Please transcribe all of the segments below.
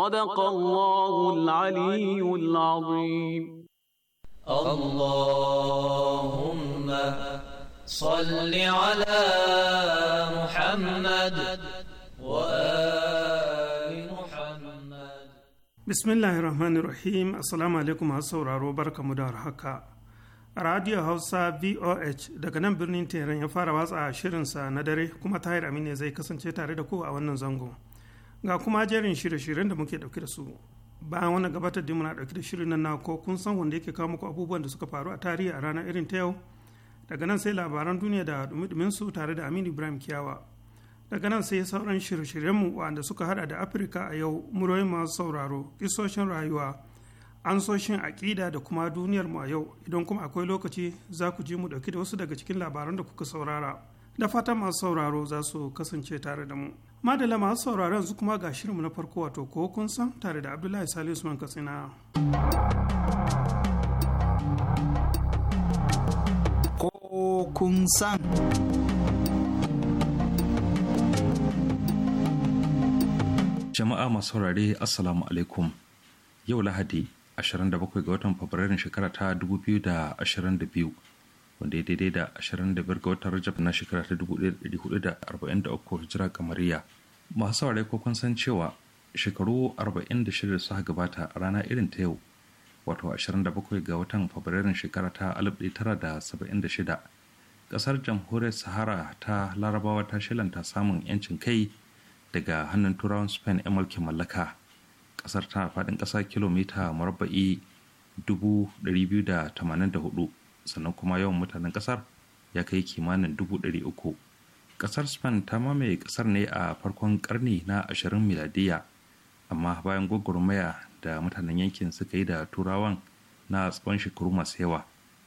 صدق الله العلي العظيم اللهم صل على محمد وآل محمد بسم الله الرحمن الرحيم السلام عليكم sauraro barkamu مدار haka Radio Hausa VOH daga nan birnin Teheran ya fara watsa shirinsa na dare kuma Tahir Aminu zai kasance tare da ku a wannan zango. ga kuma jerin shirye-shiryen da muke dauke da su bayan wannan gabatar da muna dauke da shirin nan na ko kun san wanda yake kawo muku abubuwan da suka faru a tarihi a ranar irin ta yau daga nan sai labaran duniya da dumi su tare da aminu ibrahim kiyawa daga nan sai sauran shirye-shiryenmu wanda suka hada da afirka a yau muroyin masu sauraro kisoshin rayuwa ansoshin aƙida da kuma duniyar mu a yau idan kuma akwai lokaci za ku ji mu ɗauki da wasu daga cikin labaran da kuka saurara da fatan masu sauraro za su kasance tare da mu madala masu sauraron su kuma ga shirinmu na farko wato ko kun san tare da abdullahi salih usman katsina ko kun san jama'a masu saurare assalamu alaikum yau lahadi 27 ga watan fabrairun shekara ta 2022 wanda ya daidai da 25 ga watan rajab na shekara ta 1443 hijira kamariya masu saurare ko kun san cewa shekaru 46 suka gabata a rana irin ta yau wato 27 ga watan fabrairun shekara ta 1976 kasar jamhuriyar sahara ta larabawa ta shilanta samun 'yancin kai daga hannun turawan spain 'yan mulkin mallaka kasar tana faɗin ƙasa kilomita marabba'i 284 sannan kuma yawan mutanen kasar ya kai kimanin dubu ɗari uku kasar spain ta mamaye kasar ne a farkon karni na ashirin miladiya amma bayan gwagwarmaya da mutanen yankin suka yi da turawan na tsawon shekaru masu yawa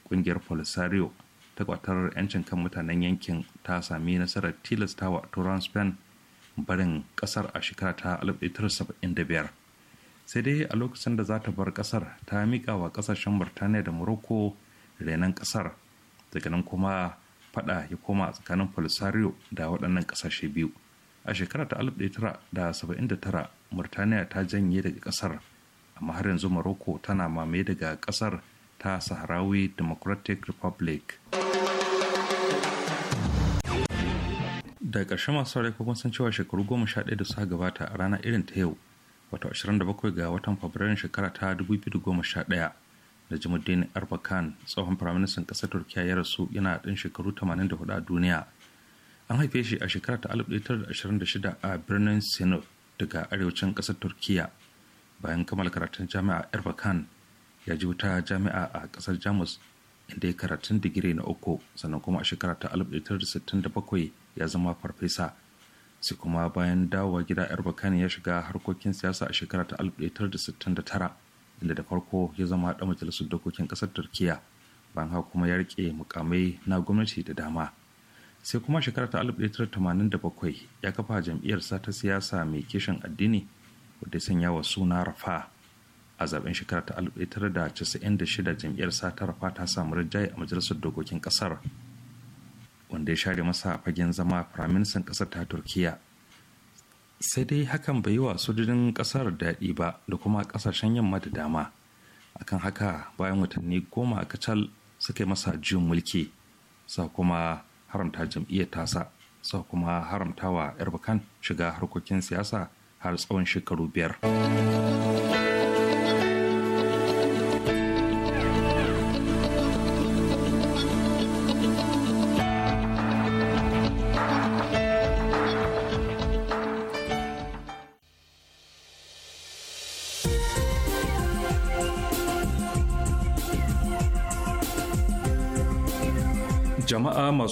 ƙungiyar polisario ta kwatar 'yancin kan mutanen yankin ta sami nasarar tilasta wa turan spain barin kasar a shekara ta 1975 sai dai a lokacin da za ta bar kasar ta miƙa wa kasashen birtaniya da morocco renon kasar daga nan kuma fada ya koma tsakanin polisario da waɗannan ƙasashe biyu a shekara ta 1979 murtaniya ta janye daga ƙasar amma har yanzu morocco tana mamaye daga ƙasar ta saharawi democratic republic da ƙarshen masu rai kuma san cewa shekaru goma sha ɗaya da suka gabata a rana irin ta yau wata 27 ga watan fabrairun shekara ta 2011 da jimuddin arbakan tsohon firaministan ƙasar turkiya ya rasu yana ɗan shekaru 84 a duniya an haife shi a shekara ta 1926 a birnin sinop daga arewacin ƙasar turkiya bayan kammala karatun jami'a erbakan ya ji wuta jami'a a ƙasar jamus inda ya karatun digiri na uku sannan kuma a shekara ta 1967 ya zama farfesa sai kuma bayan dawowa gida erbakan ya shiga harkokin siyasa a shekara ta 1969 inda da farko ya zama ɗan majalisar dokokin ƙasar turkiya bayan haka kuma ya rike mukamai na gwamnati da dama sai kuma shekarar ta 1987 ya kafa jam'iyyarsa ta siyasa mai kishin addini wadda sanya wa suna rafa a zaben shekarar ta 1996 jam'iyyarsa ta rafa ta samu rinjaye a majalisar dokokin kasar wanda ya share masa fagen zama firaministan ƙasar ta turkiya sai dai hakan bai yi wa sojojin kasar daɗi ba da kuma ƙasashen yamma da dama akan haka bayan watanni goma a kacal suka yi masa juyin mulki sa kuma haramta jam'iyyar tasa sa kuma haramta wa erbakan shiga harkokin siyasa har tsawon shekaru biyar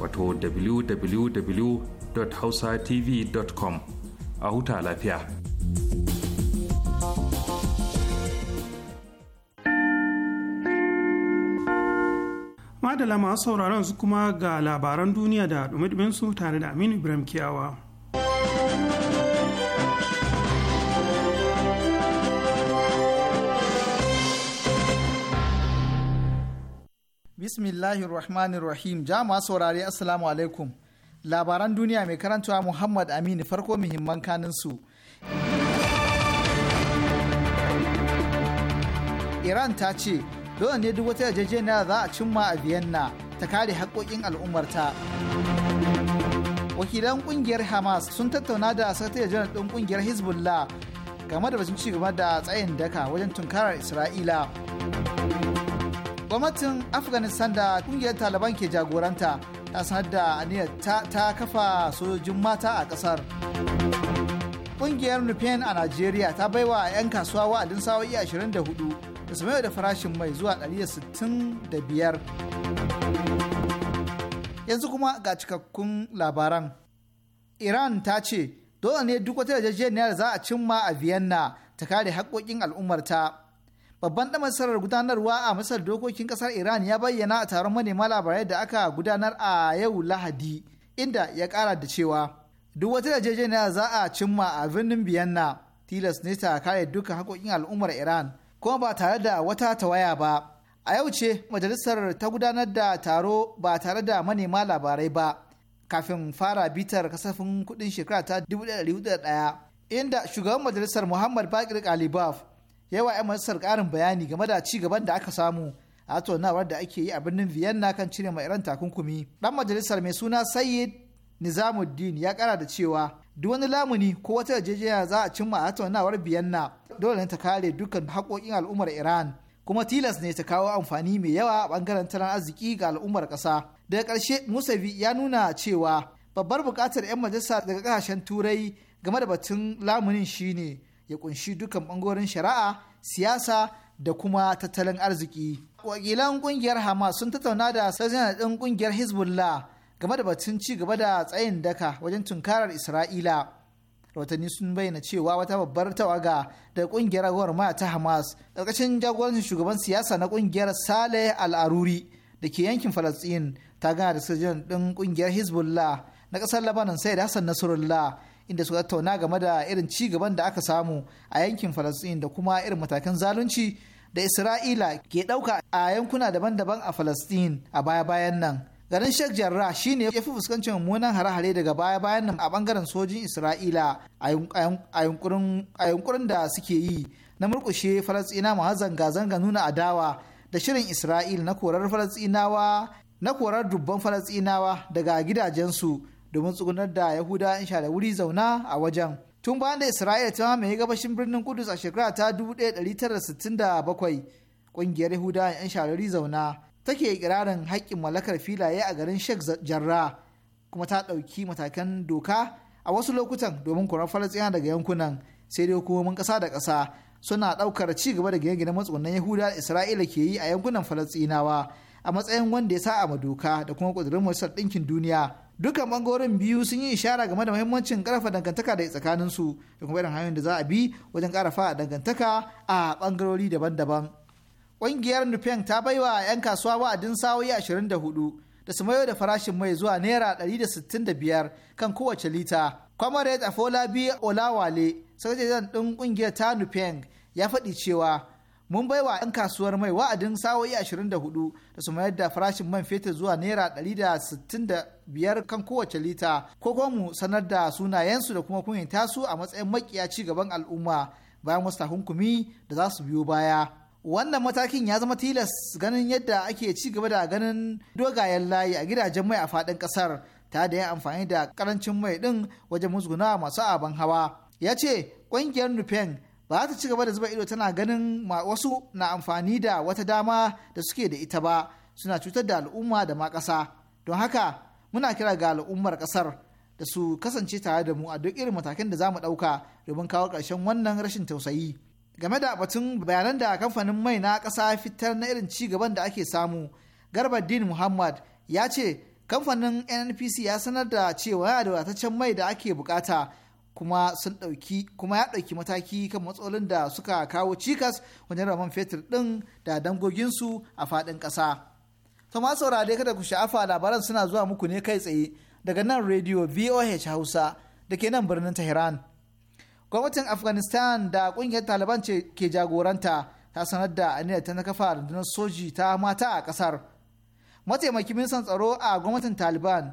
wato www.hausatv.com a huta lafiya. Madala masu sauraron su kuma ga labaran duniya da dumi su tare da Aminu Ibrahim Kiyawa. Bismillahir Rahmanir Rahim. Jama'a saurare Assalamu alaikum. Labaran duniya mai karantawa Muhammad Aminu farko muhimman kanin su. Iran ta ce dole ne duk wata yarjejeniya za a cimma a Vienna ta kare haƙoƙin al'ummarta. Wakilan ƙungiyar Hamas sun tattauna da sakatare janar ɗin ƙungiyar Hezbollah game da batun ci gaba da tsayin daka wajen tunkarar Isra'ila. gwamnatin afghanistan da kungiyar taliban ke jagoranta ta sanar da aniyar ta kafa sojojin mata a kasar kungiyar nupen a najeriya ta baiwa 'yan kasuwa wa'adin sa'o'i 24 da su da farashin mai zuwa 165 yanzu kuma ga cikakkun labaran iran ta ce dole ne duk wata yarjejeniya da za a cimma a vienna ta kare haƙoƙin al'ummarta babban ɗan masarar gudanarwa a masar dokokin ƙasar iran ya bayyana a taron manema labarai da aka gudanar a yau lahadi inda ya kara da cewa duk wata yarjejeniya za a cimma a birnin biyanna tilas ne ta kare duka haƙoƙin al'ummar iran kuma ba tare da wata tawaya ba a yau ce majalisar ta gudanar da taro ba tare da manema labarai ba kafin fara bitar kasafin kuɗin shekara ta inda shugaban majalisar muhammad bakir kalibaf yawa 'yan majalisar ƙarin bayani game da ci gaban da aka samu a tonawar da ake yi a birnin vienna kan cire mai iran takunkumi ɗan majalisar mai suna sayyid nizamuddin ya kara da cewa duk wani lamuni ko wata yarjejeniya za a cimma a tonawar vienna dole ne ta kare dukkan haƙoƙin al'ummar iran kuma tilas ne ta kawo amfani mai yawa a bangaren tattalin arziki ga al'ummar ƙasa daga karshe musavi ya nuna cewa babbar buƙatar 'yan majalisa daga ƙasashen turai game da batun lamunin shine ya kunshi dukan bangoren shari'a siyasa da kuma tattalin arziki wakilan kungiyar hamas sun tattauna da sojojin ɗin kungiyar hezbollah game da batun ci gaba da tsayin daka wajen tunkarar isra'ila rahotanni sun bayyana cewa wata babbar tawaga da kungiyar maya ta hamas ƙarƙashin jagorancin shugaban siyasa na kungiyar saleh al-aruri da ke yankin falastin ta gana da sojojin ɗin kungiyar hezbollah na ƙasar labanan sai da hassan nasarullah inda suka tattauna game da irin ci gaban da aka samu a yankin Falasɗin da kuma irin matakan zalunci da Isra'ila ke ɗauka a yankuna daban-daban a Falasɗin a baya-bayan nan. Garin Sheikh Jarrah shine ya fi fuskanci mummunan hare-hare daga baya-bayan nan a bangaren sojin Isra'ila a yunkurin da suke yi na murkushe Falasɗina masu zanga-zanga nuna adawa da shirin isra'ila na korar falastinawa na korar dubban falastinawa daga gidajensu domin tsugunar da yahuda in sha wuri zauna a wajen tun bayan da isra'ila ta mamaye gabashin birnin kudus a shekara ta da sittin 1967 ƙungiyar yahuda in sha wuri zauna take ikirarin haƙƙin mallakar filaye a garin sheikh jarra kuma ta ɗauki matakan doka a wasu lokutan domin kuran falastina daga yankunan sai dai hukumomin ƙasa da ƙasa suna ɗaukar ci gaba da gine-gine matsugunan yahuda da isra'ila ke yi a yankunan falastinawa a matsayin wanda ya sa a doka da kuma ƙudurin majalisar ɗinkin duniya dukkan bangoren biyu sun yi ishara game da muhimmancin karfa dangantaka da tsakanin su da kuma irin hanyoyin da za a bi wajen karfa dangantaka a bangarori daban-daban ƙungiyar nupeng ta baiwa 'yan kasuwa wa'adin sawoyi 24 da su mayo da farashin mai zuwa naira 165 kan kowace lita comrade afolabi olawale sakataren ɗin ƙungiyar ta nupeng ya faɗi cewa mun baiwa 'yan kasuwar mai wa'adin sa'o'i 24 da su mayar da farashin man fetur zuwa naira 165 kan kowace lita ko kuma mu sanar da sunayensu da kuma kunyatasu su a matsayin makiya ci gaban al'umma bayan wasu takunkumi da za su biyo baya wannan matakin ya zama tilas ganin yadda ake ci gaba da ganin dogayen layi a gidajen mai a faɗin ƙasar ta da yin amfani da karancin mai ɗin wajen musguna masu aban hawa ya ce ƙungiyar nupen ba za ta ci gaba da zuba ido tana ganin wasu na amfani da wata dama da suke da ita ba suna cutar da al'umma da ma ƙasa don haka muna kira ga al'ummar ƙasar da su kasance tare da mu a duk irin matakan da za mu ɗauka domin kawo ƙarshen wannan rashin tausayi game da batun bayanan da kamfanin mai na ƙasa fitar na irin ci gaban da ake samu garbaddin muhammad ya ce kamfanin nnpc ya sanar da cewa yana da wadataccen mai da ake bukata kuma sun ɗauki kuma ya ɗauki mataki kan matsalolin da suka kawo cikas wajen raman fetur ɗin da dangoginsu a faɗin ƙasa. To ma saurare kada ku sha'afa labaran suna zuwa muku ne kai tsaye daga nan rediyo VOH Hausa da ke nan birnin Tehran. Gwamnatin Afghanistan da ƙungiyar Taliban ce ke jagoranta ta sanar da aniyar ta na kafa rundunar soji ta mata a ƙasar. Mataimakin ministan tsaro a gwamnatin Taliban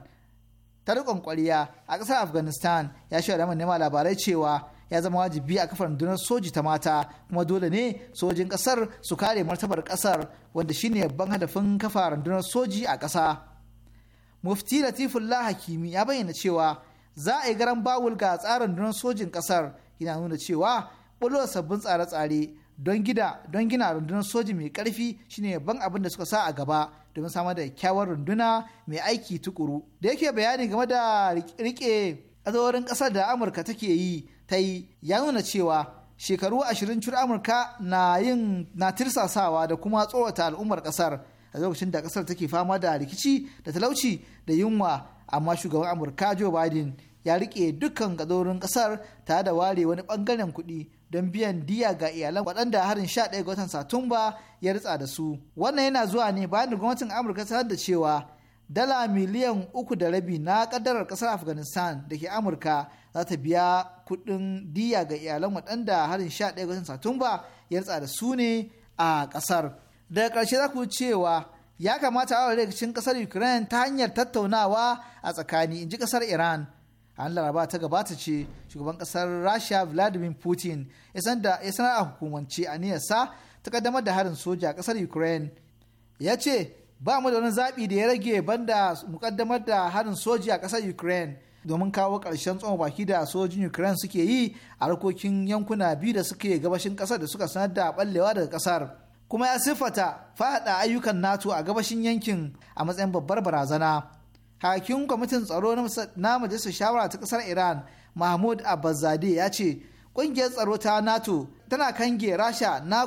ta rikon kwariya a ƙasar afghanistan ya shaida mai nema labarai cewa ya zama wajibi a kafar rundunar soji ta mata kuma dole ne sojin ƙasar su kare martabar ƙasar wanda shine babban hadafin kafa rundunar soji a ƙasa mufti latifullah hakimi ya bayyana cewa za a yi garan bawul ga tsarin rundunar sojin ƙasar yana nuna cewa bulowar sabbin tsare-tsare don don gina rundunar soji mai ƙarfi shine babban abin da suka sa a gaba domin samar da kyawar runduna mai aiki tukuru da yake bayani game da rike tsadorin ƙasar da amurka take yi ta yi ya nuna cewa shekaru ashirin cur amurka na yin na tirsasawa da kuma tsorata al'ummar ƙasar a lokacin da ƙasar take fama da rikici da talauci da yunwa amma shugaban amurka joe biden ya rike dukkan gadorin kasar ta da ware wani bangaren kuɗi don biyan diya ga iyalan waɗanda harin 11 ga watan satumba ya ritsa da su wannan yana zuwa ne bayan da gwamnatin amurka ta da cewa dala miliyan uku da rabi na kadarar kasar afghanistan da ke amurka za ta biya kuɗin diya ga iyalan waɗanda harin 11 ga watan satumba ya ritsa da su ne a kasar daga ƙarshe za ku cewa ya kamata a rikicin kasar ukraine ta hanyar tattaunawa a tsakani in ji kasar iran an laraba ta gabata ce shugaban kasar rasha vladimir putin ya sanar a hukumance aniyarsa ta kaddamar da harin soja a kasar ukraine ya ce ba mu da wani zaɓi da ya rage banda mu kaddamar da harin soja a kasar ukraine domin kawo ƙarshen tsawon baki da sojin ukraine suke yi a harkokin yankuna biyu da suke gabashin kasar da suka sanar da ɓallewa daga kasar. kuma ya siffata faɗa ayyukan nato a gabashin yankin a matsayin babbar barazana hakin kwamitin tsaro na majalisar shawara ta kasar iran mahmud abbaszade ya ce kungiyar tsaro ta nato tana kange rasha na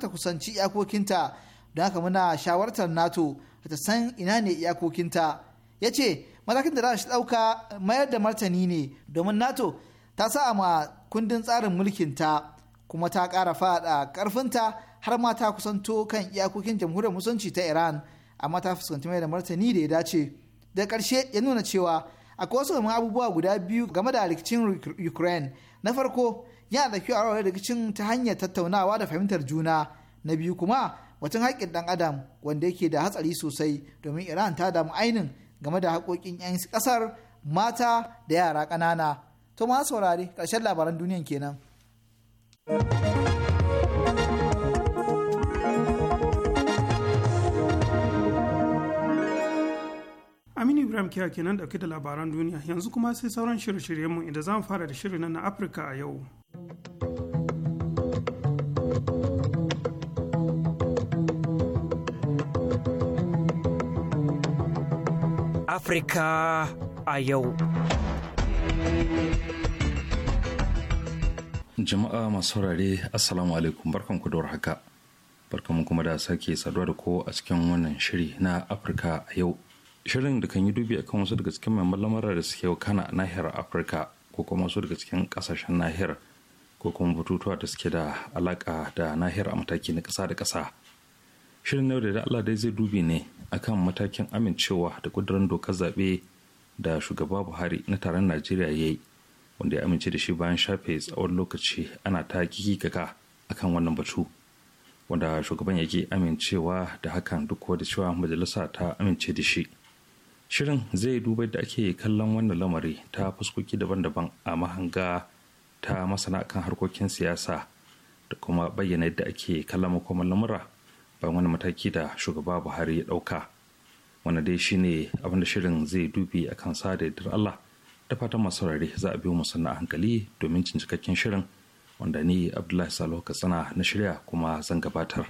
ta kusanci iyakokinta don haka muna shawartar nato ta san ina ne iyakokinta ya ce matakin da shi ɗauka mayar da martani ne domin nato ta sa ma kundin tsarin mulkinta kuma ta kara faɗa ƙarfinta har ma ta kusanto kan iyakokin jamhuriyar musulunci ta iran amma ta fuskanci mayar da martani da ya dace da ƙarshe ya nuna cewa akwai wasu abubuwa guda biyu game da rikicin ukraine na farko yana da kyau a rawar rikicin ta hanyar tattaunawa da fahimtar juna na biyu kuma watan haƙƙin ɗan adam wanda yake da hatsari sosai domin iran ta damu ainin game da haƙoƙin 'yan ƙasar mata da yara ƙanana to ma saurari ƙarshen labaran duniyan kenan. Aminu Ibrahim Kiya kenan da da labaran duniya yanzu kuma sai sauran shirye-shiryenmu idan zamu fara da shirin na Afirka a yau. Afirka a yau. Jama'a masu saurare Assalamu alaikum barkanku da warhaka. Barkanmu kuma da sake saduwa da ko a cikin wannan shiri na Afirka a yau. shirin da kan yi dubi akan wasu daga cikin mai malamara da suke wakana nahiyar afirka ko kuma wasu daga cikin kasashen nahiyar ko kuma batutuwa da suke da alaka da nahiyar a mataki na kasa da kasa shirin yau da da allah dai zai dubi ne akan matakin amincewa da ƙudurin dokar zaɓe da shugaba buhari na taron najeriya ya yi wanda ya amince da shi bayan shafe tsawon lokaci ana ta kikikaka akan wannan batu wanda shugaban yake amincewa da hakan duk da cewa majalisa ta amince da shi shirin zai duba da ake kallon wannan lamari ta fuskoki daban-daban a mahanga ta masana kan harkokin siyasa da kuma bayyana yadda ake kallon makoman lamura bayan wani mataki da shugaba buhari ya dauka wanda dai shine abin da shirin zai dubi a kan sa da allah da fatan masu rare za a biyo mu sannan hankali domin cikakken shirin wanda ni abdullahi salo katsina na shirya kuma zan gabatar.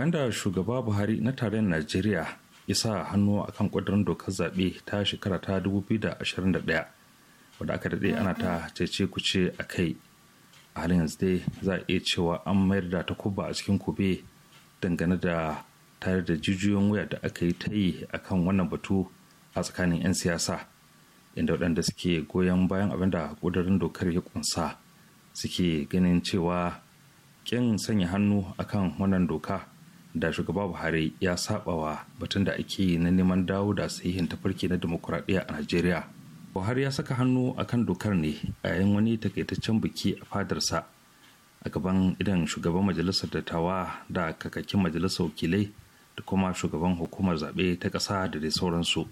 bayan da shugaba buhari na tarayyar najeriya ya sa hannu a kan ƙudurin dokar zaɓe ta shekara ta 2021 wadda aka daɗe ana ta cece kuce a kai a halin yanzu dai za a iya cewa an mayar da ta takuba a cikin kube dangane da tare da jijiyoyin wuya da aka yi ta yi a kan wannan batu a tsakanin 'yan siyasa inda waɗanda suke goyon bayan abin da ƙudurin dokar ya ƙunsa suke ganin cewa ƙin sanya hannu akan wannan doka da shugaba buhari ya sabawa batun da ake yi na neman dawo da sahihin tafarki na demokuraɗiyya a najeriya buhari ya saka hannu a kan dokar ne a yayin wani takaitaccen biki a fadarsa a gaban idan shugaban majalisar dattawa da kakakin majalisar wakilai da kuma shugaban hukumar zaɓe ta ƙasa da dai sauransu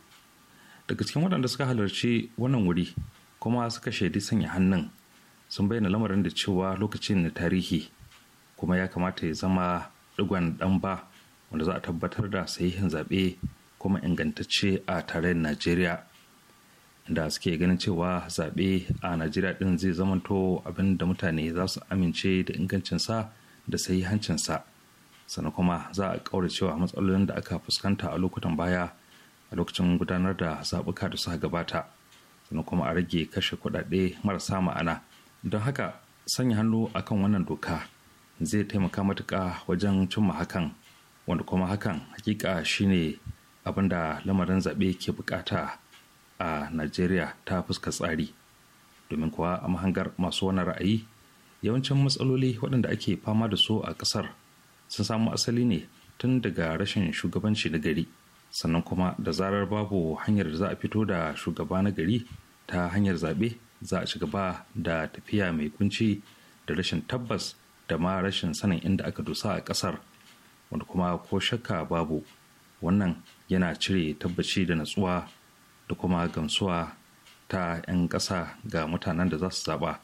daga cikin waɗanda suka halarci wannan wuri kuma suka shaidi sanya hannun sun bayyana lamarin da cewa lokacin na tarihi kuma ya kamata ya zama digon dan ba wanda za a tabbatar da sahihin zaɓe kuma ingantacce a tarayyar najeriya da suke ganin cewa zaɓe a najeriya ɗin zai zamanto abin da mutane za su amince da ingancinsa da sahihancinsa sannan kuma za a cewa matsalolin da aka fuskanta a lokutan baya a lokacin gudanar da zaɓuka da suka gabata sannan kuma a rage kashe kuɗaɗe marasa ma'ana don haka sanya hannu akan wannan doka zai taimaka matuka wajen cimma hakan wanda kuma hakan hakika shine abin da lamarin zaɓe ke bukata a najeriya ta fuska tsari domin kuwa a mahangar masu wani ra'ayi yawancin matsaloli waɗanda ake fama da su a ƙasar sun samu asali ne tun daga rashin shugabanci na gari sannan kuma da zarar babu hanyar da za a fito da shugaba na gari ta hanyar zaɓe za a ci gaba da tafiya mai kunci da rashin tabbas da ma rashin sanin inda aka dusa a ƙasar wanda kuma ko shakka babu wannan yana cire tabbaci da natsuwa da kuma gamsuwa ta 'yan ƙasa ga mutanen da za su zaɓa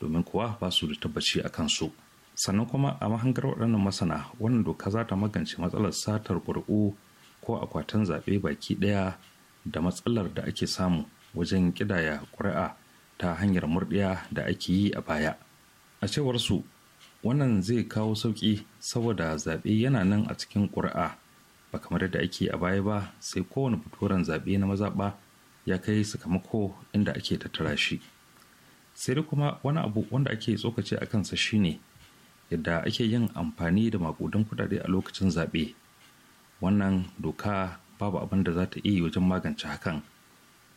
domin kuwa ba su da tabbaci a kansu sannan kuma a mahangar waɗannan masana wannan doka za ta magance matsalar satar ƙuri'u ko akwatin zaɓe baki ɗaya da matsalar da ake samu wajen ƙidaya ƙuri'a ta hanyar murɗiya da ake yi a baya a cewar su wannan zai kawo sauƙi saboda zaɓe yana nan a cikin ƙuri'a ba kamar yadda ake a baya ba sai kowane fitoran zaɓe na mazaɓa ya kai sakamako inda ake tattara shi sai dai kuma wani abu wanda ake tsokace a kansa shine yadda ake yin amfani da makudan kudade a lokacin zaɓe wannan doka babu abin da za ta iya wajen magance hakan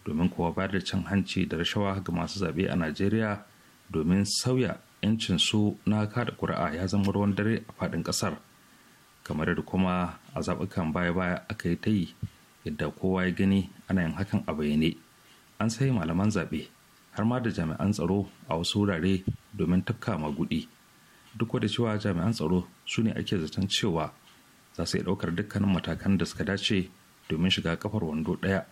domin kuwa bayar da cin hanci da rashawa ga masu zaɓe a najeriya domin sauya 'yancin su na kada kuri'a ya zama ruwan dare a faɗin ƙasar kamar da kuma a zaɓukan baya-baya aka yi ta yi yadda kowa ya gani ana yin hakan a bayyane an sai malaman zaɓe har ma da jami'an tsaro a wasu wurare domin tafka magudi duk wada cewa jami'an tsaro su ne ake zaton cewa za su yi ɗaukar dukkanin matakan da suka dace domin shiga kafar wando ɗaya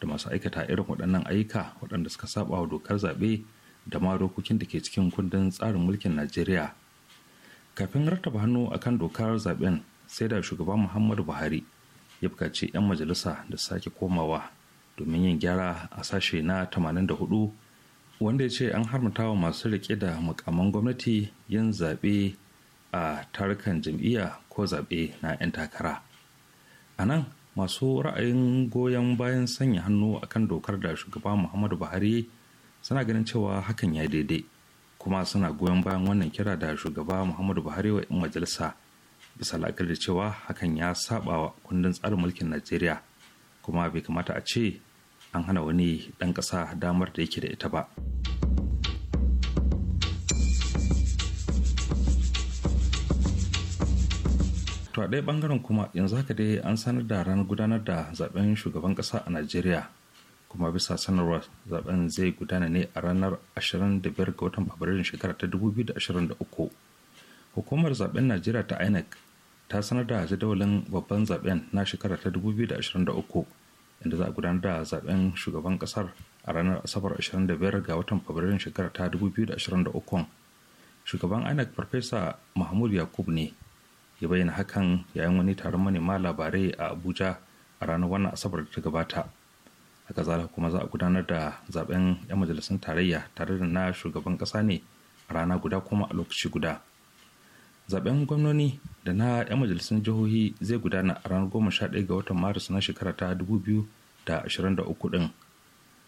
da masu aikata irin waɗannan ayyuka waɗanda suka saba wa dokar zaɓe da ma dokokin da ke cikin kundin tsarin mulkin najeriya kafin rattaba hannu akan dokar zaben sai da shugaban muhammadu buhari ya bukaci 'yan majalisa da sake komawa domin yin gyara a sashe na 84 wanda ya ce an harmata wa masu rike da mukamman gwamnati yin zaɓe a tarukan jam'iyya ko zaɓe na 'yan takara a nan masu ra'ayin goyon bayan sanya hannu akan dokar da shugaba muhammadu buhari suna ganin cewa hakan ya daidai kuma suna goyon bayan wannan kira da shugaba muhammadu buhari wa 'yan majalisa bisa la'akari da cewa hakan ya saba wa kundin tsarin mulkin najeriya kuma bai kamata a ce an hana wani ɗan ƙasa damar da yake da ita ba. to a ɗaya ɓangaren kuma yanzu haka dai an sanar da ranar gudanar da zaben shugaban ƙasa a najeriya kuma bisa sanarwar zaben zai gudana ne a ranar 25 ga watan fabrairun shekara ta 2023 hukumar zaben najeriya ta inec ta sanar da jadawalin babban zaben na shekara ta 2023 inda za a gudanar da zaben shugaban kasar a ranar asabar 25 ga watan fabrairun shekara ta 2023 shugaban inec farfesa mahmud yakub ne ya bayyana hakan yayin wani taron manema labarai a abuja a ranar wannan asabar da ta gabata a zalika kuma za a gudanar da zaben 'yan majalisun tarayya tare da na shugaban ƙasa ne a rana guda kuma a lokaci guda zaben gwamnoni da na 'yan majalisun jihohi zai gudana a ranar goma ɗaya ga watan maris na shekara ta da 2023 din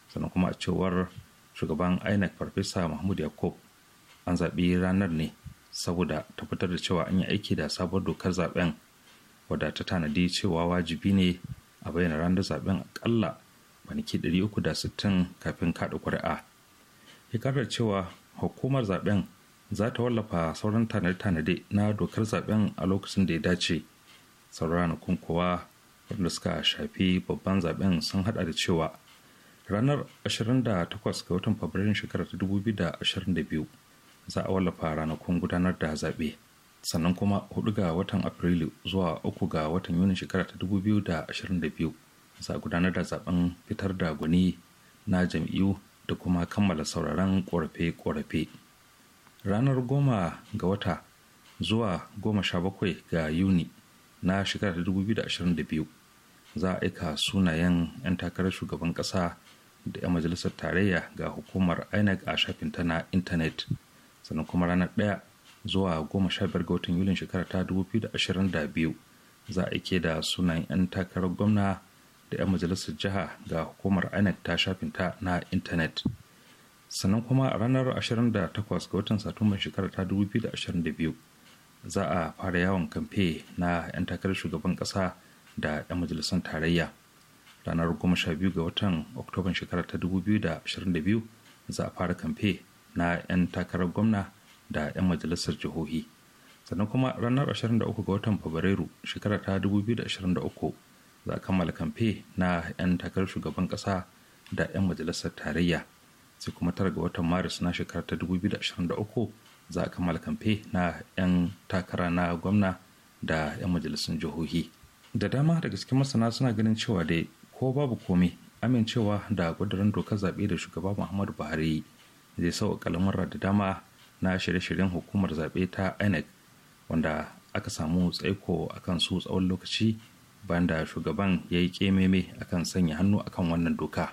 sannan kuma a cewar shugaban inec farfesa mahmud yakub an zaɓi ranar ne saboda tabbatar da cewa an yi aiki da sabuwar dokar zaben wadda ta tanadi cewa wajibi ne a bayyana ranar zaben akalla maniki 360 kafin kaɗa kuri'a ya ƙarar cewa hukumar zaben za ta wallafa sauran tanade-tanade na dokar zaben a lokacin da ya dace sauran ranakun kuwa wanda suka shafi babban zaben sun hada da cewa ranar 28 ga watan fabrairun shekarar 2022 za a wallafa ranakun gudanar da zaɓe sannan kuma 4 ga watan afrilu zuwa 3 ga watan yunin shekarar 2022 za a gudanar da zaben fitar da guni na jam'iyyu da kuma kammala sauraron korafe-korafe ranar goma ga wata zuwa goma sha bakwai ga yuni na shekarar 2022 za a aika sunayen 'yan takarar shugaban ƙasa da 'yan majalisar tarayya ga hukumar inec a shafin ta na intanet sannan kuma ranar ɗaya zuwa goma sha biyar ga watan yulin shekarar ta 2022 za a aike da sunayen 'yan takarar gwamna da 'yan majalisar jiha ga hukumar inec ta shafinta na intanet sannan kuma a ranar 28 ga watan satumban shekarar ta 2022 za a fara yawon kamfe na 'yan takarar shugaban kasa da 'yan majalisar tarayya ranar 12 ga watan oktoban shekarar ta 2022 za a fara kamfe na 'yan takarar gwamna da 'yan majalisar jihohi sannan kuma ranar 23 ga watan fabrairu shekarar ta 2023 za a kammala kamfe na 'yan takarar shugaban ƙasa da 'yan majalisar tarayya sai kuma tara ga watan maris na shekarar ta 2023 za a kammala kamfe na 'yan takara na gwamna da 'yan majalisun jihohi da dama daga cikin masana suna ganin cewa dai ko babu komai amincewa da kudurin dokar zaɓe da shugaba muhammadu buhari zai sau kalamar da dama na shirye-shiryen hukumar zaɓe ta inec wanda aka samu tsaiko akan su tsawon lokaci bayan da shugaban ya yi kememe akan sanya hannu akan wannan doka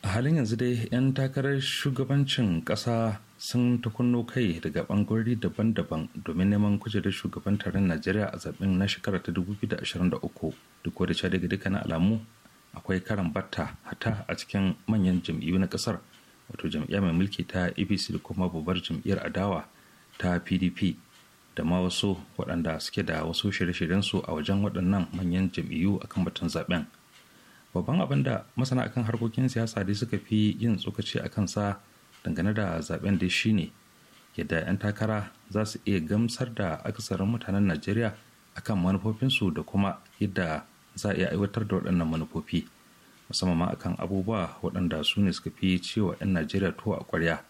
a halin yanzu dai 'yan takarar shugabancin ƙasa sun tukunno kai daga bangarori daban-daban domin neman kujerar shugaban taron najeriya a zaben na shekarar ta 2023 duk da cewa daga dukkanin alamu akwai karan batta hata a cikin manyan jam'iyyu na kasar wato jam'iyya mai mulki ta abc da kuma babbar jam'iyyar adawa ta pdp da ma wasu waɗanda suke da wasu shirye-shiryensu a wajen waɗannan manyan jam'iyyu akan batun zaɓen? babban abin da masana akan harkokin siyasa dai suka fi yin tsokaci a kansa dangane da zaben dai shine yadda 'yan takara za su iya gamsar da akasarin mutanen najeriya akan manufofinsu da kuma yadda za a iya aiwatar da waɗannan manufofi musamman ma akan abubuwa waɗanda su ne suka fi cewa 'yan najeriya to a ƙwarya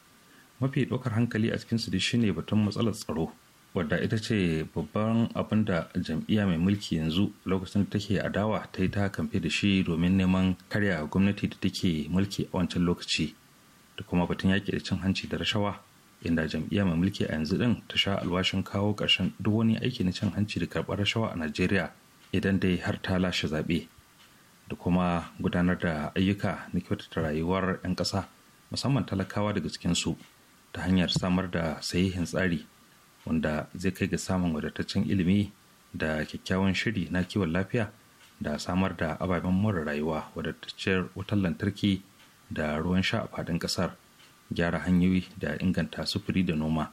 mafi ɗaukar hankali a cikinsu dai shine batun matsalar tsaro wadda ita ce babban abin da jam'iyya mai mulki yanzu lokacin da take adawa ta yi ta kamfe da shi domin neman karya gwamnati da take mulki a wancan lokaci da kuma batun yaƙi da cin hanci da rashawa inda jam'iyya mai mulki a yanzu din ta sha alwashin kawo ƙarshen duk wani aiki na cin hanci da karɓar rashawa a najeriya idan dai har ta lashe zaɓe da kuma gudanar da ayyuka na kyautata rayuwar 'yan ƙasa musamman talakawa daga cikinsu ta hanyar samar da sahihin tsari wanda zai kai ga samun wadataccen ilimi da kyakkyawan shiri na kiwon lafiya da samar da ababen more rayuwa wadatacciyar wutar lantarki da ruwan sha a fadin kasar gyara hanyoyi da inganta sufuri da noma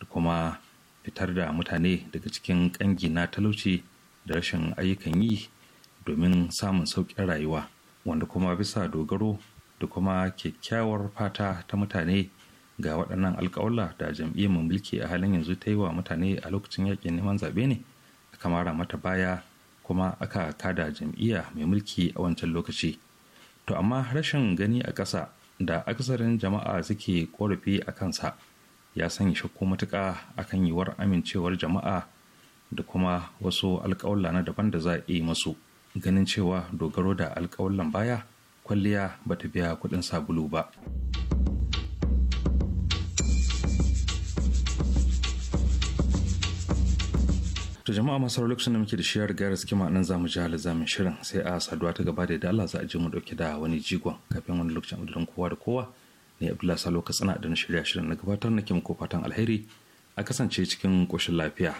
da kuma fitar da mutane daga cikin ƙangi na talauci da rashin ayyukan yi domin samun sauƙin rayuwa wanda kuma bisa dogaro da kuma kyakkyawar fata ta mutane ga waɗannan alƙawalla da jam'iyyar mai mulki a halin yanzu ta yi wa mutane a lokacin yakin neman zaɓe ne aka mara mata baya kuma aka kada jam'iyya mai mulki a wancan lokaci to amma rashin gani a ƙasa da aksarin jama'a suke ƙorafi a kansa ya sanya shakku matuƙa akan yiwuwar amincewar jama'a da kuma wasu alƙawalla na daban da za a yi masu ganin cewa dogaro da alƙawallan baya kwalliya bata biya kuɗin sabulu ba. To jama'a masu lokacin da muke da shi riga da suke nan zamu ji halin zamin shirin sai a saduwa ta gaba da Allah za a je mu dauke da wani jigon kafin wani lokacin abudulin kowa da kowa ne Abdullahi Salo ka tsana da na shirya shirin na gabatar ke muku fatan alheri a kasance cikin koshin lafiya.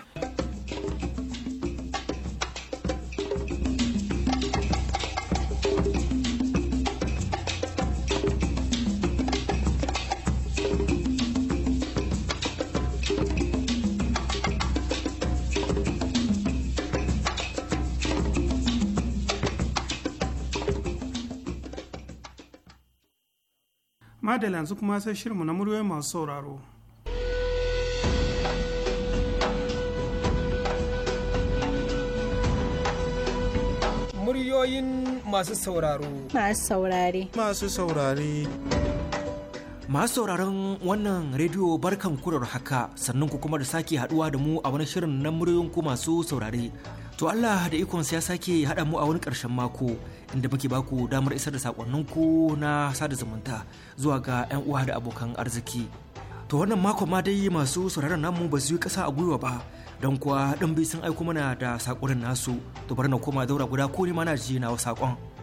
adala yanzu kuma sai shirinmu na muryoyin masu sauraro. Muryoyin masu sauraro. Masu saurare. Masu saurare. Masu sauraron wannan rediyo barkan kurar haka sannan ku kuma da sake haduwa da mu a wani shirin na muryoyin ku masu saurare. To Allah da ikon ya sake haɗa mu a wani ƙarshen mako inda muke baku damar isar da ku na sada zumunta zuwa ga 'yan uwa da abokan arziki. To wannan mako ma dai masu sauraron namu ba su yi ƙasa a gwiwa ba don kuwa ɗan sun aiko mana da saƙonin nasu to bari na koma daura guda ko ne ma na ji na saƙon.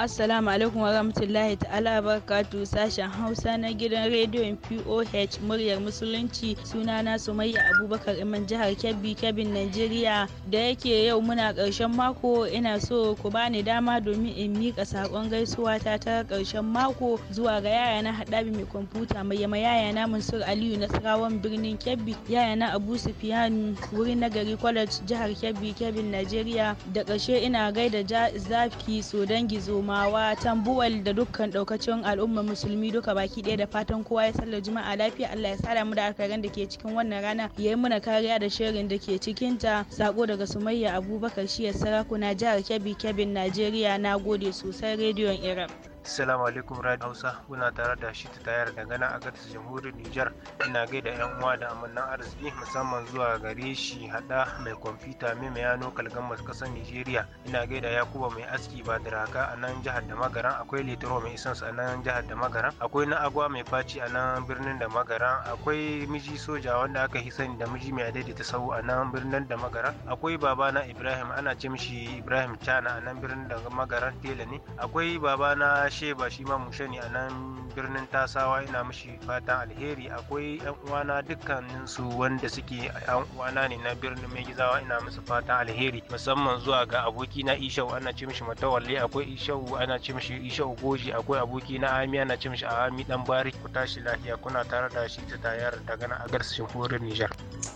Assalamu alaikum warahmatullahi ta'ala barakatu sashen Hausa na gidan rediyon POH muryar musulunci sunana Sumayya Abubakar Iman jihar Kebbi kebbi Najeriya da yake yau muna karshen mako ina so ku bani dama domin in miƙa saƙon gaisuwa ta ta ƙarshen mako zuwa ga yaya na Hadabi mai kwamfuta mai yama yaya na Mansur Aliyu Nasarawan birnin Kebbi yaya na Abu Sufyan wurin nagari college jihar Kebbi kebbi Najeriya da ƙarshe ina gaida zafki so dangi zoma mawa Tambuwal da dukkan ɗaukacin al'ummar musulmi duka baki ɗaya da fatan kowa ya sallar juma'a lafiya Allah ya sada mu da alkhairan da ke cikin wannan rana ya yi mana kariya da shirin da ke cikin ta sako daga Sumayya Abubakar shi ya sarakuna jihar Kebbi Kebbin Najeriya na gode sosai rediyon iram. Assalamu alaikum Radio Hausa muna tare da shi ta tayar da gana a gadis jamhuriyar Nijar ina gaida yan uwa da amannan arziki musamman zuwa gare shi hada mai kwamfuta mai mayano yano kalgamas kasar Nijeriya ina gaida Yakuba mai aski ba da raka a nan jihar da magaran akwai Litoro mai isans a nan jihar da magaran akwai na agwa mai faci a nan birnin da magaran akwai miji soja wanda aka yi sani da miji mai adadi ta sau a nan birnin da magaran akwai babana Ibrahim ana ce mishi Ibrahim Chana a nan birnin da magaran tela ne akwai babana ba shi ma ne a nan birnin tasawa ina mushi fatan alheri akwai yan uwana dukkanin su wanda suke yan uwana ne na birnin mai gizawa ina musu fatan alheri musamman zuwa ga aboki na ishau ana ce mishi matawalle akwai ishau ana ce mishi ishau goji akwai aboki na ami ana ce mishi ami dan bari ku tashi lafiya kuna tare da shi ta tayar da daga a agar shimfurin nijar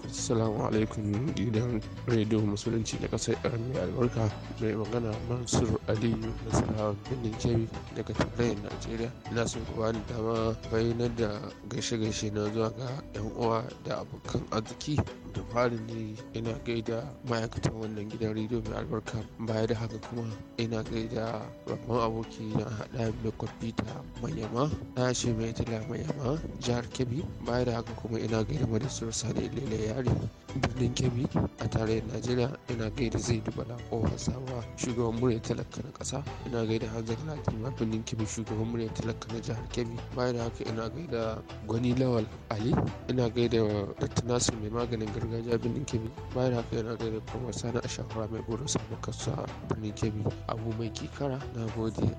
assalamu alaikum gidan rediyo musulunci na kasar iran albarka mai magana mansur aliyu na sarawa birnin jami. da daga tarayyar najeriya ina so ku bani dama bayyana da gaishe-gaishe na zuwa ga yan uwa da abokan arziki da ne ina gaida ma'aikatan wannan gidan rediyo mai albarka baya da haka kuma ina gaida babban aboki na hada da kwamfuta mayama na mai tila mayama jihar kebbi baya da haka kuma ina gaida madasar sani ilele yari birnin kebbi a tarayyar najeriya ina gaida zai dubala kofar sabuwa shugaban murya talaka na ƙasa ina gaida hanzar latima birnin kebbi shugaban murya talaka na jihar kebbi baya da haka ina gaida gwani lawal ali ina gaida da mai maganin gargajiya birnin kebbi bayan haka yana da kuma sani a shahara mai burin samun kasuwa birnin kebbi abu mai kikara na gode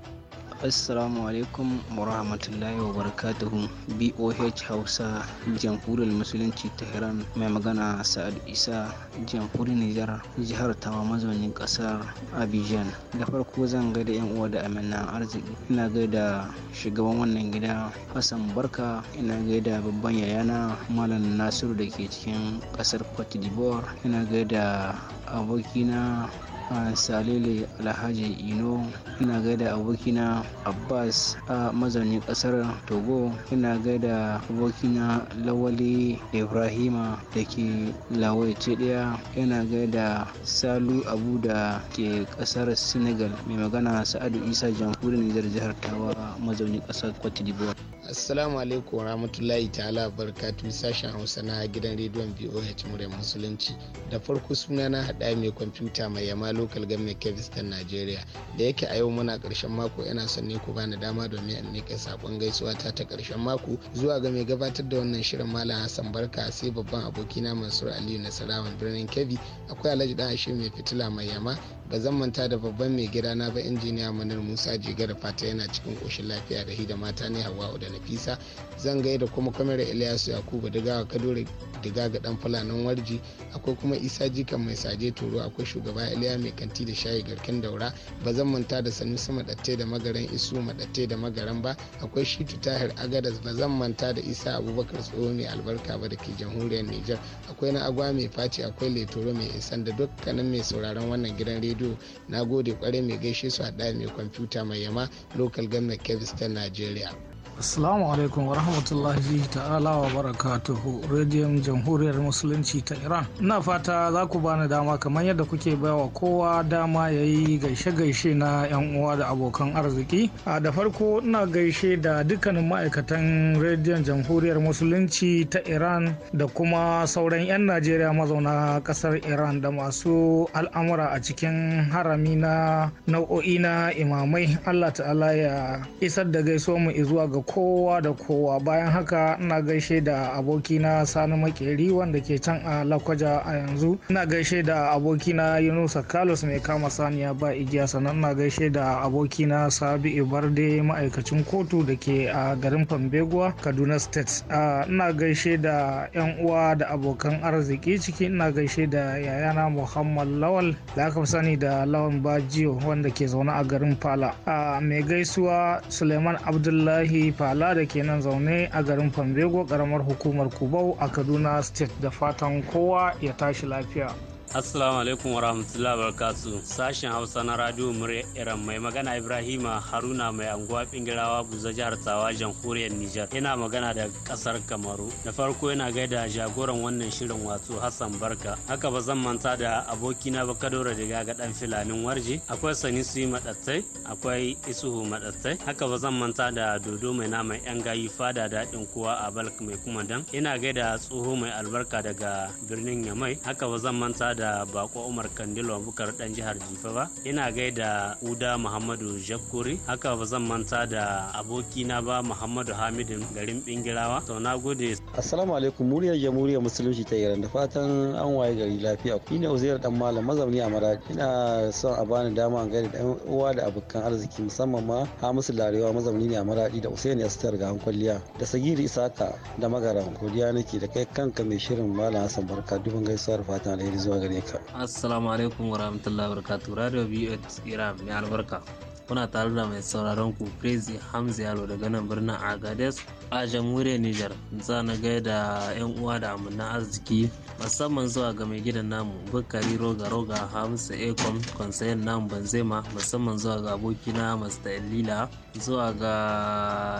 assalamu alaikum warahmatullahi wabarakatuhu boh hausa jamhuriyar musulunci tehran mai magana sa'ad isa jamhuriyar nijar jihar tawa mazaunin kasar abidjan da farko zan gaida yan uwa da amina arziki ina da shugaban wannan gida hassan barka ina gaida babban yayana malam nasiru da ke cikin kasar cote d'ivoire ina gaida abokina a salele alhaji ino ina gaida abokina abbas a mazaunin kasar togo ina gaida abokina lawali ibrahima da ke lawaice daya ina gaida salu abu da ke kasar senegal mai magana sa'adu isa jamhurin nijar jihar tawa mazaunin kasar cote d'ivoire assalamu alaikum rahmatullahi ta'ala barkatu sashen hausa na gidan rediyon boh murya musulunci da farko suna na hada mai kwamfuta mai yamma local government kevistan nigeria da yake a yau muna karshen mako yana son ne ku bani dama domin in kai sakon gaisuwa ta ta karshen mako zuwa ga mai gabatar da wannan shirin malam hassan barka sai babban abokina mansur aliyu na nasarawan birnin kebbi akwai alhaji dan ashe mai fitila mai yama ba zan manta da babban mai gida na ba injiniya manar musa jigar fata yana cikin koshin lafiya da hida mata ne hawa'u da nafisa zan gaida kuma kamar ilyasu yakubu daga kadore diga ga dan fulanin warji akwai kuma isa jikan mai saje turo akwai shugaba iliya mai kanti da shayi garkin daura ba zan manta da sanusi madatte da magaran isu madatte da magaran ba akwai shitu tahir agadas ba zan manta da isa abubakar tsoro mai albarka ba da ke jamhuriyar niger akwai na agwa mai faci akwai leturo mai isan da dukkanin mai sauraron wannan gidan rediyo ido na gode kwarai mai gaishe su haɗa mai kwamfuta mai yama local government kevista nigeria Assalamu alaikum wa rahmatullahi ta'ala wa barakatuhu Radiyon Jamhuriyar Musulunci ta Iran. Ina fata za ku bani dama kamar yadda kuke bayawa kowa dama ya yi gaishe-gaishe na 'yan uwa da abokan arziki. A da farko ina gaishe da dukkanin ma'aikatan Radiyon Jamhuriyar Musulunci ta Iran da kuma sauran 'yan Najeriya mazauna kasar Iran da masu al'amura a cikin harami na nau'o'i na imamai. Allah ta'ala ya isar da gaisuwa mu zuwa ga kowa da kowa bayan haka ina gaishe da abokina sani makeri wanda ke can a lakwaja a yanzu ina gaishe da abokina yunusa carlos mai kama saniya ba igiya sannan ina gaishe da abokina sabi ibarde ma'aikacin kotu da ke a garin fambeguwa kaduna state ina gaishe da yan uwa da abokan arziki ciki ina gaishe da yayana muhammad lawal da aka sani da lawan bajiyo wanda ke zaune a garin fala mai gaisuwa suleiman abdullahi fala da ke nan zaune a garin Fambego karamar hukumar Kubau a Kaduna State da fatan kowa ya tashi lafiya. Assalamu alaikum wa rahmatullahi barakatu. sashen Hausa na radio murya Iran mai magana Ibrahima Haruna mai anguwa bingirawa buza jihar Tawa jamhuriyar Nijar yana magana da kasar Kamaru da farko yana gaida jagoran wannan shirin wato Hassan Barka haka ba zan manta da abokina ba Kadoro daga ga dan filanin warje akwai Sanusi Madattai akwai Isuhu Madattai haka ba zan manta da Dodo mai naman yan gayi fada daɗin kowa a Balk mai dan? ina gaida tsoho mai albarka daga birnin Yamai haka ba zan manta da bako Umar Kandilo Bukar dan jihar Jifa ba. Ina gaida Uda Muhammadu Jakuri haka ba zan manta da abokina ba Muhammadu Hamidin garin Bingirawa. To na gode. Assalamu alaikum muryar jamhuriyar musulunci ta Iran da fatan an waye gari lafiya. Ni ne Uzair dan Malam mazauni a maraki Ina son a bani dama an gaida dan uwa da abokan arziki musamman ma musu Larewa mazauni ne a Maradi da Usaini Astar ga kwalliya da Sagiri Isaka da Magaran. Godiya nake da kai kanka mai shirin Malam Hassan Barka dubin gaisuwar fatan alheri zuwa gare ka assalamu alaikum warahmatullahi wabarakatuh radio biyu iran mai albarka kuna tare da mai sauraron ku crazy hamza yalo daga nan birnin agades a jamhuriyar Nijar za na gaida 'yan uwa da amina arziki musamman zuwa ga mai gidan namu bukari roga roga hamsa ekom konsayen namu banzema musamman zuwa ga abokina masta elila zuwa ga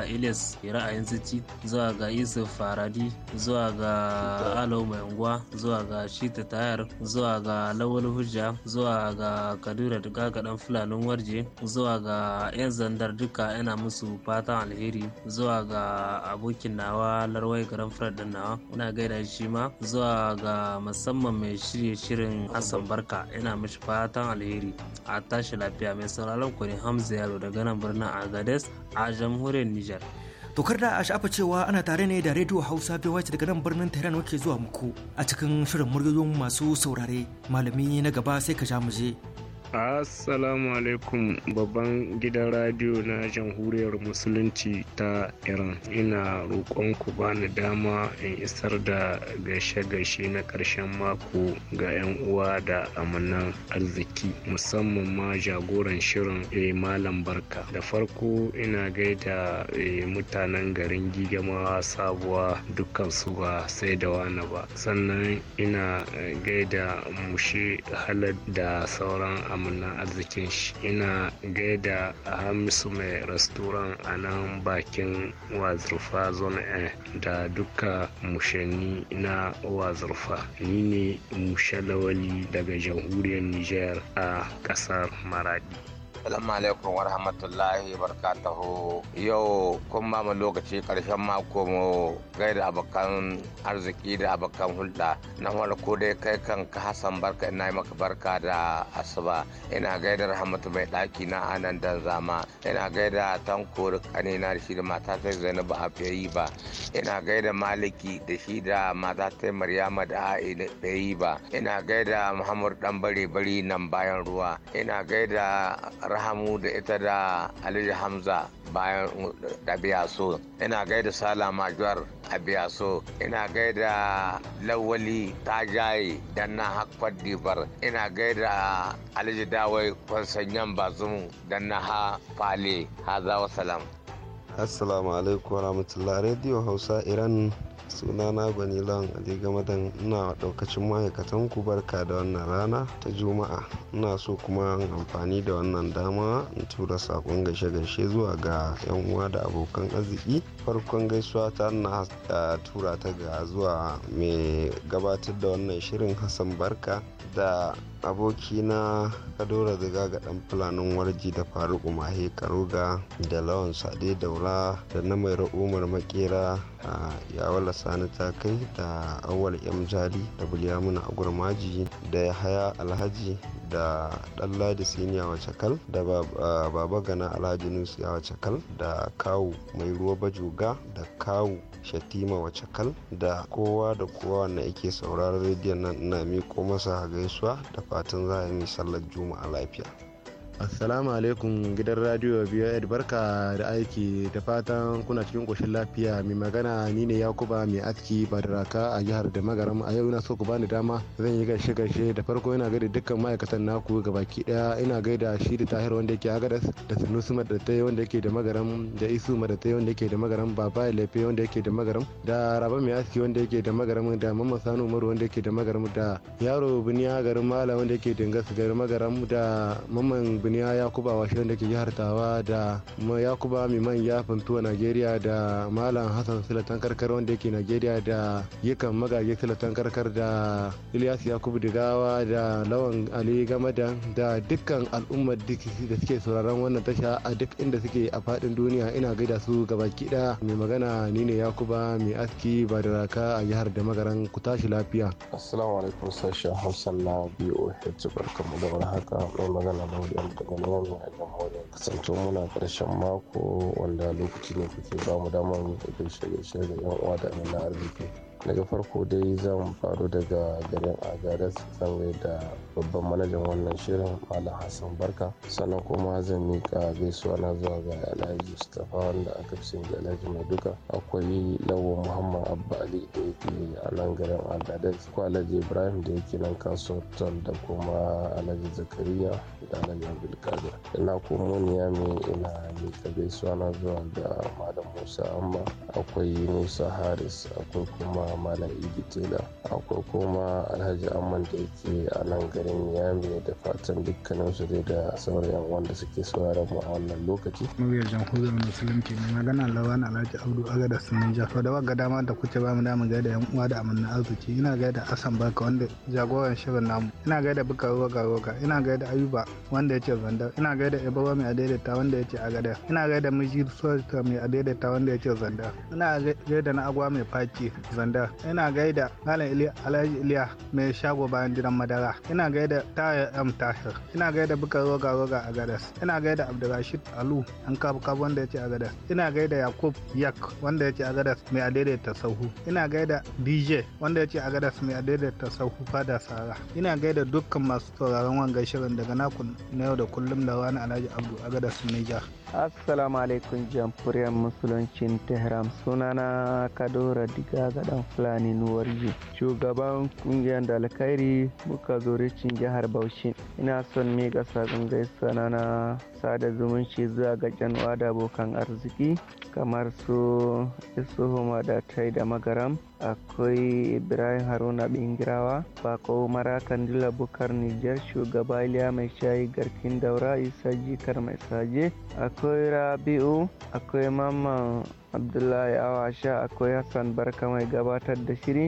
ilis ra'ayin zici zuwa ga yusuf faradi zuwa ga alo mai unguwa zuwa ga shita tayar zuwa ga lawal hujja zuwa ga kadura duka gadan fulanin warje zuwa ga yan zandar duka yana musu fatan alheri zuwa ga abokin nawa larwai garan fred din nawa ina gaida shi ma zuwa ga musamman mai shirye shirin hassan barka ina mishi fatan alheri a tashi lafiya mai sauraron ku ne hamza yaro daga nan birnin agades a jamhuriyar niger Tokar da a shafa cewa ana tare ne da Radio Hausa wace daga nan birnin Tehran wake zuwa muku a cikin shirin muryoyin masu saurare malami na gaba sai ka ja mu je. Assalamu alaikum babban gidan radiyo na jamhuriyar musulunci ta Iran. Ina roƙon ku bani dama in isar da gaishe-gaishe na ƙarshen mako ga 'yan uwa da amanan arziki musamman ma jagoran shirin eh, malam barka. Da farko ina gaida e mutanen garin gigamawa sabuwa dukkan su ba sai da wani ba. Sannan ina eh, gaida mushe halar da sauran samun a arzikin shi ina gaida hamisu mai rastoran a nan bakin wazirfa zone a da duka mushani na wazirfa ni ne mushalawali daga jamhuriyar niger a kasar maradi Assalamu alaikum wa rahmatullahi Yau kun ba mu lokaci karshen mako mu gai da abokan arziki da abokan hulɗa. Na farko dai kai kan ka Hassan barka ina yi maka barka da asuba. Ina gaida Rahmatu mai ɗaki na anan dan zama. Ina gai da Tanko da ƙanina da shi da mata ta Zainabu a yi ba. Ina gaida Maliki da shi da mata ta Maryama da A'i ba. Ina gai da Muhammadu Ɗanbare bari nan bayan ruwa. Ina gai da. rahamu da ita da Aliyu hamza bayan ɗabi'a so ina gaida sala majuwar a biya ina gaida lawali tajaye dan na dibar ina gaida Aliyu dawai kwansanyan bazum dan na ha fale haza wasalam assalamu alaikum rahmatullahi radio hausa iran sunana gwani lawan ali madan ina daukacin ma'aikatan ku barka da wannan rana ta juma'a ina so kuma amfani da wannan dama in tura sakon gaishe gaishe zuwa ga yan uwa da abokan arziki farkon gaisuwa ta na tura ta ga zuwa mai gabatar da wannan shirin hassan barka da abokina kadora ziga ga dan fulanin warji da faruku mahe karuga da lawan sade daula da na mai umar makera a yawala ta kai da awal yam jari da bulyamuna gurmaji da ya haya alhaji da dan ladi siniya wace kal da baba gana alhaji nusia wace kal da kawu mai ruwa bajuga da kawu shatima wacce kal da kowa da kowa wanda yake sauraron rediyon nan ina miko masa gaisuwa da fatan za a yi sallar juma'a lafiya assalamu alaikum gidan radio biyu barka da aiki da fatan kuna cikin ƙoshin lafiya mai magana ni ne yakuba mai aski badaraka a jihar da magaram a yau na so ku bani dama zan yi gaishe gaishe da farko ina gaida dukkan ma'aikatan naku gabaki daya ina gaida shi da tahir wanda yake agadas da sunusu madatai wanda yake da magaram da isu madatai wanda yake da magaram baba lefe wanda yake da magaram da raba mai aski wanda yake da magaram da mamman sanu umaru wanda yake da magaram da yaro biniya garin mala wanda yake dangas garin magaram da mamman biniya yakuba washe wanda ke jihar tawa da yakuba mai man fantuwa nigeria da malam hassan silatan karkar wanda yake nigeria da yakan magage silatan karkar da ilyas yakubu digawa da lawan ali gamadan da dukkan al'ummar da suke sauraron wannan tasha a duk inda suke a faɗin duniya ina gaida su gabaki ɗaya mai magana ni ne yakuba mai aski ba da raka a jihar da magaran ku tashi lafiya assalamu alaikum sashen hausa na boh mu da warhaka mai magana da wani daga nan ne a jamhuriyar kasance muna karshen mako wanda lokaci ne kuke ba mu damar mu gaishe-gaishe da yan uwa da na arziki daga farko dai zan faru daga garin agadas zan da babban manajan wannan shirin malam hassan barka sannan kuma zan mika gaisuwa na zuwa ga alhaji mustapha wanda aka fi sani da alhaji mai duka akwai lawo muhammad abba ali da yake a nan garin agadez ko alhaji ibrahim da yake nan kasuwar tol da kuma alhaji zakariya da alhaji abdulkadir ina komo niya mai ina mika gaisuwa na zuwa ga malam musa amma akwai musa haris akwai kuma malam igi tela akwai kuma alhaji amman da yake a nan garin garin yami da fatan dukkanin su dai da sauran wanda suke sauraron mu a wannan lokaci muryar jamhuriyar musulunci mai magana lawan alhaji abdu da sunan Jafar da wagga dama da kuce ba mu da mu gaida yan uwa da amanna arziki ina gaida asan baka wanda jagoran shirin namu ina gaida Bukar roga roga ina gaida ayuba wanda yake zandar ina gaida ibrahim mai adaidaita wanda yace agada ina gaida miji sojita mai adaidaita wanda yake zandar ina gaida na agwa mai faci zandar ina gaida malam iliya alhaji iliya mai shago bayan gidan madara ina gaida taya am tahir ina gaida buka roga roga a gadas ina gaida abdurashid alu an kabu kabu wanda ya a gadas ina gaida yakub yak wanda ya ce a gadas mai adaidaita sahu ina gaida dj wanda yace ce a gadas mai adaidaita sahu fada sara ina gaida dukkan masu sauraron wanga shirin daga naku na yau da kullum da wani alhaji abdu a gadas niger assalamu alaikum jamhuriyar musuluncin tehran sunana kadora diga ga fulani nuwarji shugaban ƙungiyar da alkhairi muka zuricin jihar bauchi ina son mega sabon gaisa na sada zumunci zuwa ga canwa da abokan arziki kamar su isuhu madatai da magaram akwai ibrahim haruna bingirawa bako mara kandila bukar nijar shugaba iliya mai shayi garkin daura isa jikar mai saje akwai rabi'u akwai mamman abdullahi awa sha akwai hassan barka mai gabatar da shiri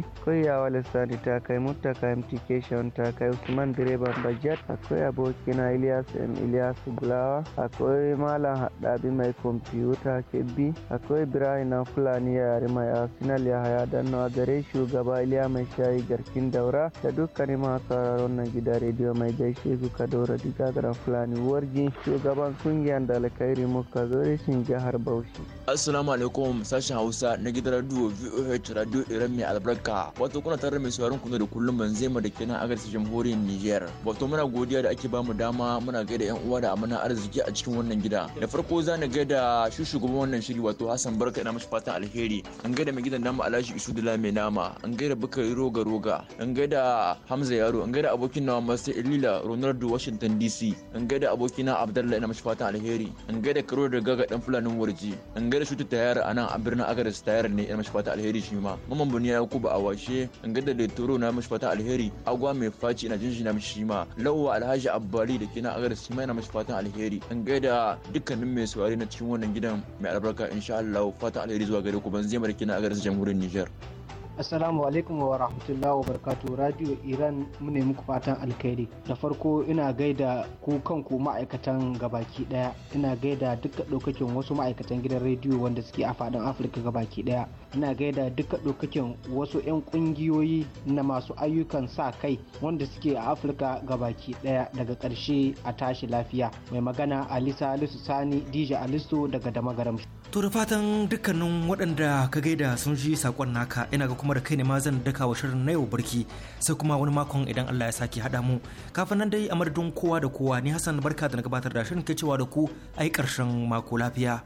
yawa lissani ta kai MTK implication ta kai usman direban bajet akwai abokina ilyas m ilyas bulawa akwai malam haɗabi mai kwamfuta kebbi akwai ibrahim na fulani yare mai arsenal ya haya nawa gare shugaba iliya mai shayi garkin daura da dukkanin masu sauraron nan gida rediyo mai gaishe ku kadora digagara fulani warji shugaban kungiyar da alkhairi muka zo jihar bauchi assalamu alaikum sashen Hausa na gidan radio VOH radio Iran mai albarka. Wato kuna tare mai sauraron kuna da kullum ma da kenan agar jamhuriyar Niger. Wato muna godiya da ake bamu dama muna gaida yan uwa da amana arziki a cikin wannan gida. Da farko za ni gaida shi shugaban wannan shiri wato Hassan Barka ina mashi fatan alheri. An gaida mai gidan namu Alhaji Isu dula mai nama, an gaida Bukari Roga Roga, an gaida Hamza Yaro, an gaida abokin nawa Master Ilila Ronaldo Washington DC, an gaida abokina Abdallah ina mashi fatan alheri, an gaida Karo da Gaga dan Fulanin Warji, an gaida Shutu Tayar a nan a birnin agadas tayar ne ina mashi alheri shi ma mamman buniya ku ba a washe in gada da turo na mashi alheri agwa mai faci ina jin shi na shi ma lawa alhaji abbali da ke na agadas shi ma ina fatan alheri in da dukkanin mai saurari na cikin wannan gidan mai albarka insha Allah fata alheri zuwa gare ku ban zai mara na agadas jamhuriyar nijar. Assalamu alaikum wa rahmatullahi wa barakatuh Radio Iran mune muku fatan alkhairi. Da farko ina gaida ku kanku ma'aikatan gabaki daya. Ina gaida duka ɗaukakin wasu ma'aikatan gidan rediyo wanda suke a faɗin Afirka gabaki daya. ina gaida duka ɗaukakin wasu 'yan ƙungiyoyi na masu ayyukan sa kai wanda suke a afirka baki ɗaya daga ƙarshe a tashi lafiya mai magana alisa alisu sani dija alisu daga damagaram to da fatan dukkanin waɗanda ka gaida sun ji sakon naka ina ga kuma da kai ne ma zan daka wa shirin na yau barki sai kuma wani makon idan allah ya sake haɗa mu kafin nan dai a madadin kowa da kowa ni hassan barka da na gabatar da shirin ke cewa da ku ai karshen mako lafiya.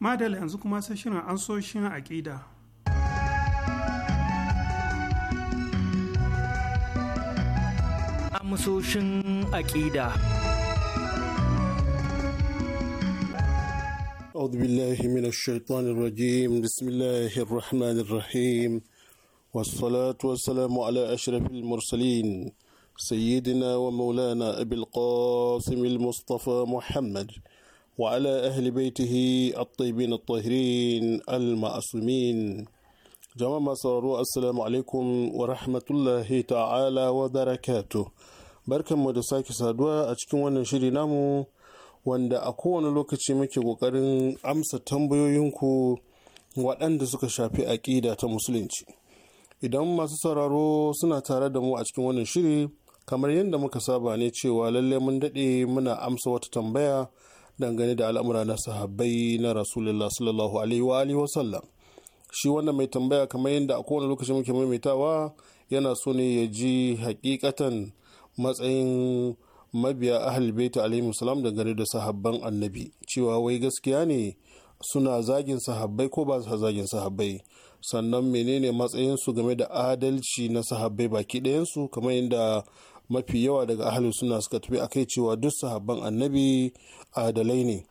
madal yanzu kuma sai shirin an so shin aƙida amsoshin aƙida أعوذ بالله من الشيطان الرجيم بسم الله الرحمن الرحيم والصلاة والسلام على أشرف المرسلين سيدنا ومولانا أبي القاسم المصطفى محمد وعلى أهل بيته الطيبين الطاهرين المعصومين جماعة سرارو السلام عليكم ورحمة الله تعالى وبركاته barkan mu da sake saduwa a cikin wannan shiri namu wanda a kowane lokaci muke kokarin amsa tambayoyinku waɗanda suka shafi aƙida ta musulunci idan masu sauraro suna tare da mu a cikin wannan shiri kamar yadda muka saba ne cewa lallai mun daɗe muna amsa wata tambaya dangane da al'amura na sahabbai na rasulullah sallallahu alaihi wa alihi wasallam shi wanda mai tambaya kamar yadda a kowane lokaci muke maimaitawa yana so ne ya ji hakikatan matsayin mabiya ahal baita alaihi da dangane da sahabban annabi cewa wai gaskiya ne suna zagin sahabbai ko ba su zagin sahabbai sannan menene matsayinsu game da adalci na sahabbai baki ɗayansu kamar yadda mafi yawa daga ahalin suna suka tafi akai cewa duk sahabban annabi adalai ne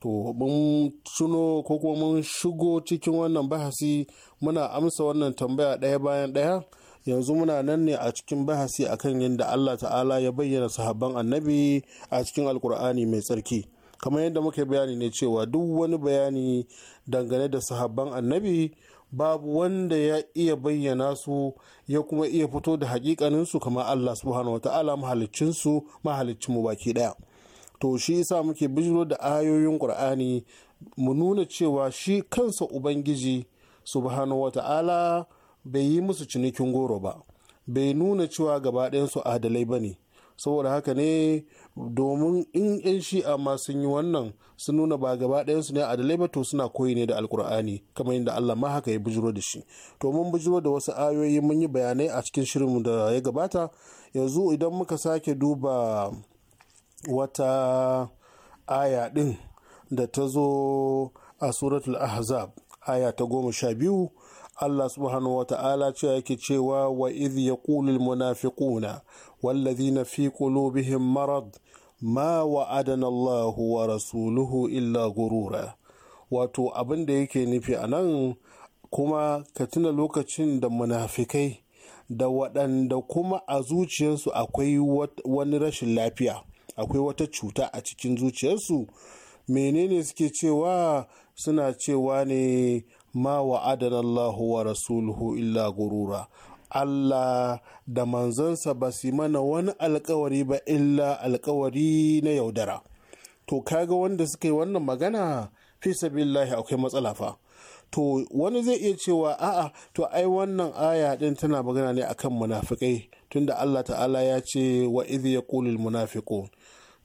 to mun suno ko kuma mun shigo cikin wannan bahasi muna amsa wannan tambaya ɗaya bayan ɗaya yanzu muna nan ne a cikin bahasi akan yadda Allah ta'ala ya bayyana sahabban annabi a cikin alkur'ani mai tsarki kamar yadda muka bayani ne cewa duk wani bayani dangane da sahabban annabi babu wanda ya iya bayyana su ya kuma iya fito da hakikaninsu kamar Allah subhanahu wata'ala mahalicinsu mu baki daya to shi yasa muke bijiro da ayoyin qur'ani mu nuna cewa shi kansa ubangiji subhanahu wata'ala bai yi musu cinikin goro ba bai nuna cewa gaba su adalai ba ne saboda haka ne domin in 'yan shi'a ma sun yi wannan sun nuna ba gaba ɗayansu ne a ba to suna koyi ne da alkur'ani kamar yadda allah ma haka ya bujiro da shi to mun bujiro da wasu ayoyi mun yi bayanai a cikin shirinmu da ya gabata yanzu idan muka sake duba wata aya ɗin da ta zo a suratul ahzab aya ta goma sha biyu Allah subhanahu wa ta'ala yake cewa wa idh yaqulul munafiquna wallazina fi qulubihim marad ma wa'adana Allah wa rasuluhu illa gurura wato abin da yake nufi anan kuma ka tuna lokacin da munafikai da waɗanda kuma a zuciyarsu akwai wani rashin lafiya akwai wata cuta a cikin zuciyarsu menene suke cewa suna cewa ne ma wa adalallahu wa rasuluhu illa gurura Allah da manzansa ba su mana wani alkawari ba illa alkawari na yaudara to kaga wanda suka yi wannan magana fi sabillahi akwai matsala fa to wani zai iya cewa a'a to ai wannan aya din tana magana ne akan munafikai tunda Allah ta'ala ya ce wa idh yaqulul munafiqun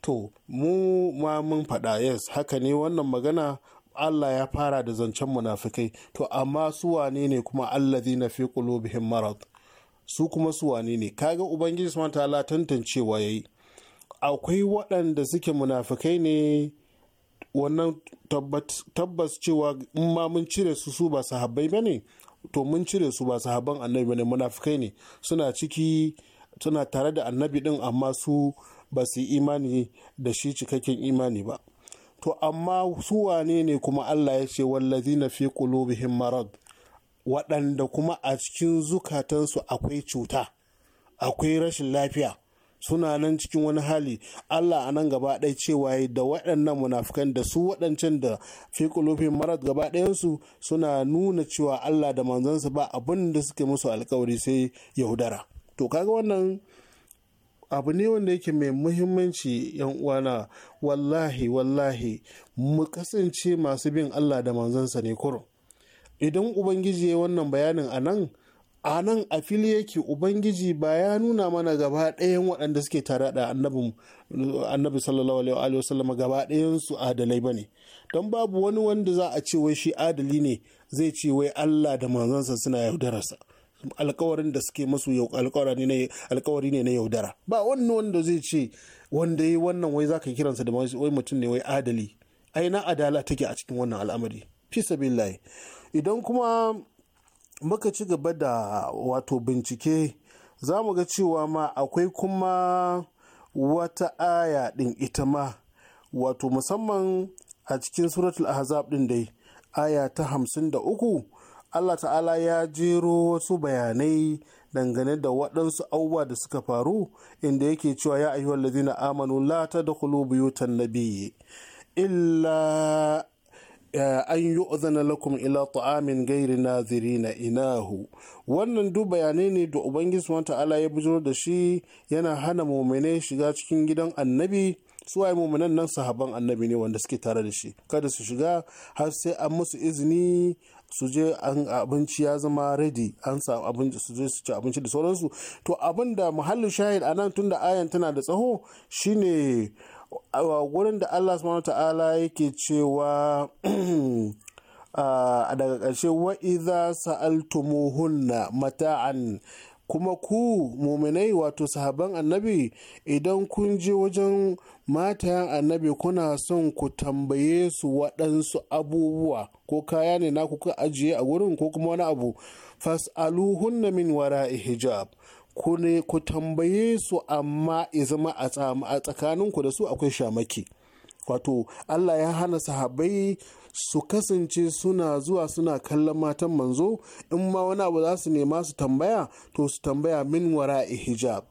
to mu ma mun faɗa yes haka ne wannan magana Allah ya fara da zancen munafikai to amma su wane ne kuma na fi qulubihim marad su kuma su wane ne kaga ubangiji subhanahu ta'ala tantancewa yayi akwai waɗanda suke munafikai ne wannan tabbas cewa in ma mun cire su su ba sahabbai bane to mun cire su ba sahabban annabi bane munafikai ne suna ciki suna tare da annabi din amma su ba su imani da shi cikakken imani ba to amma su wane ne kuma Allah ya ce na fi qulubihim marad waɗanda kuma a cikin zukatansu akwai cuta akwai rashin lafiya suna nan cikin wani hali Allah a nan gaba ɗaya cewa da waɗannan munafukan da su waɗancan da fi kulufin marad gaba ɗayansu suna nuna cewa Allah da manzansa ba abin da suke musu alkawari sai yaudara to kaga wannan abu ne wanda yake mai muhimmanci yan uwana wallahi wallahi mu kasance masu bin Allah da manzansa ne koro. idan ubangiji ya wannan bayanin a nan a nan a fili yake ubangiji ba ya nuna mana gaba ɗayan waɗanda suke tare da annabi sallallahu alaihi wasallam gaba ɗayan su adalai bane don babu wani wanda za a ce wai shi adali ne zai ce wai Allah da manzansa suna yaudararsa alkawarin da suke masu alkawari ne na yaudara ba wani wanda zai ce wanda yi wannan wai zaka kiransa da wai mutum ne wai adali aina na adala take a cikin wannan al'amari fi sabillahi idan kuma muka ci gaba da wato bincike za mu ga cewa ma akwai kuma wata aya din ita ma wato musamman a cikin suratul ahzab ɗin dai aya ta hamsin da uku allah ta'ala ya jero wasu bayanai dangane da waɗansu abubuwa da suka faru inda yake cewa ya ayyuhal ladina amanu la da buyutan biyu illa eh, an yi uzana lakum ila ta'amin gairi nazirina inahu wannan duk bayanai ne da ubangiji subhanahu ya bujiro da shi yana hana muminai shiga cikin gidan annabi su waye muminan nan sahaban annabi ne wanda suke tare da shi kada su shiga har sai an musu izini su je abinci ya zama ready an samu abinci su je su ci abinci da sauransu to abin da muhallin shahid a nan tun da ayan tana da tsaho shine a wurin da allah subhanahu ta'ala yake cewa a daga ƙarshe wa'iza sa'altumuhunna mata'an kuma ku muminai wato sahaban annabi idan kun je wajen matayan annabi kuna son ku tambaye su waɗansu abubuwa ko kaya ne na kuka ajiye a wurin ko kuma wani abu fas'aluhunna min wara hijab ku ne ku tambaye su amma izama a tsakaninku da su akwai shamaki wato allah ya hana sahabai su kasance suna zuwa suna kallon matan manzo in ma wani abu za su nema su tambaya to su tambaya min wara hijab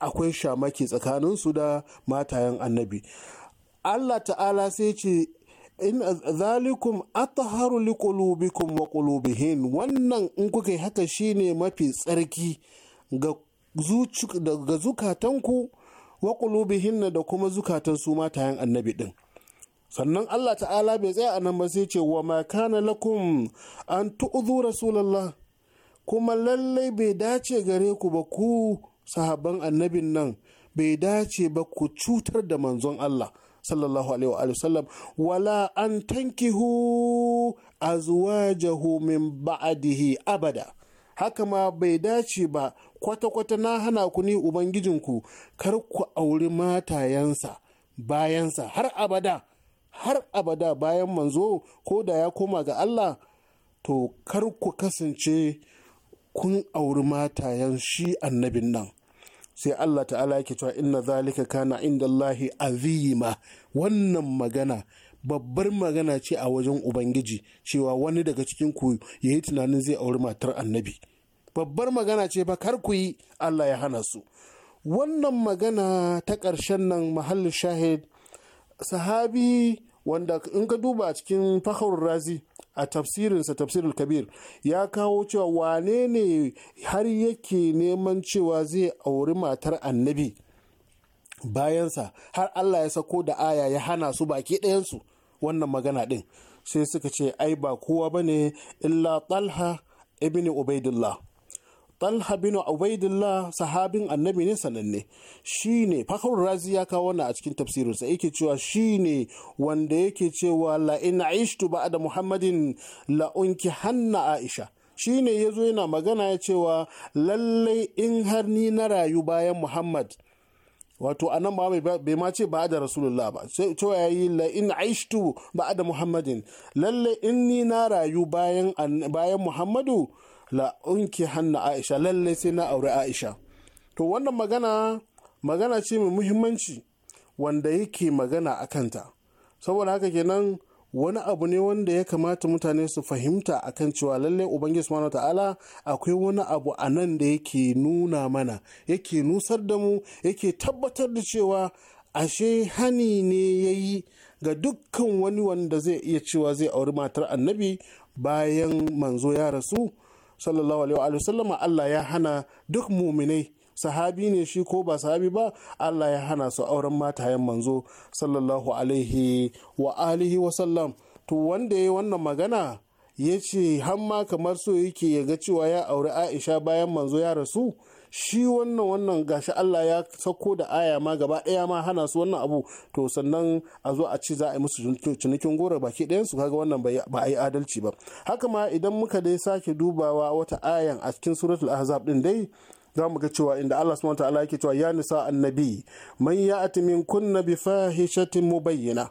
akwai shamaki tsakanin su da matayen annabi allah ta'ala sai ce in zalikum ataharu liqulubikum wa qulubihin wannan in kuka yi haka shine mafi tsarki ga zukatanku wa qulubihin da kuma zukatan su matayen annabi din sannan Allah ta'ala bai tsaya a nan ba sai ce wa kana lakum an tu'zu rasulullah kuma lallai bai dace gare ku ba ku sahabban annabin nan bai dace ba ku cutar da manzon Allah sallallahu alaihi wa sallam wala an tankihu azwajahu min ba'dihi abada haka ma bai dace ba kwata-kwata na hana ku ni ubangijinku kar ku auri matayensa bayansa har abada har abada bayan manzo ko da ya koma ga Allah to kar ku kasance kun auri matayen shi annabin nan sai Allah ta'ala yake cewa inna zalika kana inda Allahi azima wannan magana babbar magana ce a wajen ubangiji cewa wani daga cikin ku ya yi tunanin zai auri matar annabi babbar magana ce ba kar ku yi Allah ya hana su wannan magana ta ƙarshen nan mahallin shahid sahabi wanda in ka duba cikin fahar razi a tafsirinsa tafsirin kabir ya kawo cewa wane ne har yake neman cewa zai auri matar annabi bayansa har allah ya sako da aya ya hana su baki ɗayansu wannan magana ɗin sai suka ce ai ba kowa ba ne illa talha ibn ubaidullah talha bin ubaidillah sahabin annabi ne sananne shi ne razi ya kawo wannan a cikin tafsirinsa yake cewa shi ne wanda yake cewa la in aishtu ba'da muhammadin la unki hanna aisha shi ne ya yana magana ya cewa lallai in har ni na rayu bayan muhammad wato a nan ba bai ma ce ba da rasulullah ba cewa ya yi la in aishtu ba da muhammadin lalle in ni na rayu bayan muhammadu la'unki hanna aisha lallai sai na auri aisha to wannan magana magana ce mai muhimmanci wanda yake magana a kanta saboda haka kenan wani abu ne wanda ya kamata mutane su fahimta a kan cewa lalle ubangiji subhanahu ta'ala akwai wani abu a nan da yake nuna mana yake nusar da mu yake tabbatar da cewa ashe hani ne ya yi ga dukkan wani wanda zai iya cewa zai auri matar annabi bayan manzo ya rasu sallallahu alaihi wa sallama Allah ya hana duk muminai sahabi ne shi ko ba sahabi ba Allah ya hana su auren matayen manzo sallallahu alaihi wa alihi wa sallam to wanda ya wannan magana ya ce hamma kamar so yake ya ga cewa ya auri Aisha bayan manzo ya rasu shi wannan wannan gashi Allah ya sauko da aya ma gaba ɗaya ma hana su wannan abu to sannan a zo a ci za a yi musu cinikin goro baki ɗayan su kaga wannan ba a yi adalci ba haka ma idan muka dai sake dubawa wata ayan a cikin suratul ahzab din dai za mu ga cewa inda Allah subhanahu ta'ala yake cewa ya nisa annabi man ya'ti min kunna bi fahishatin mubayyana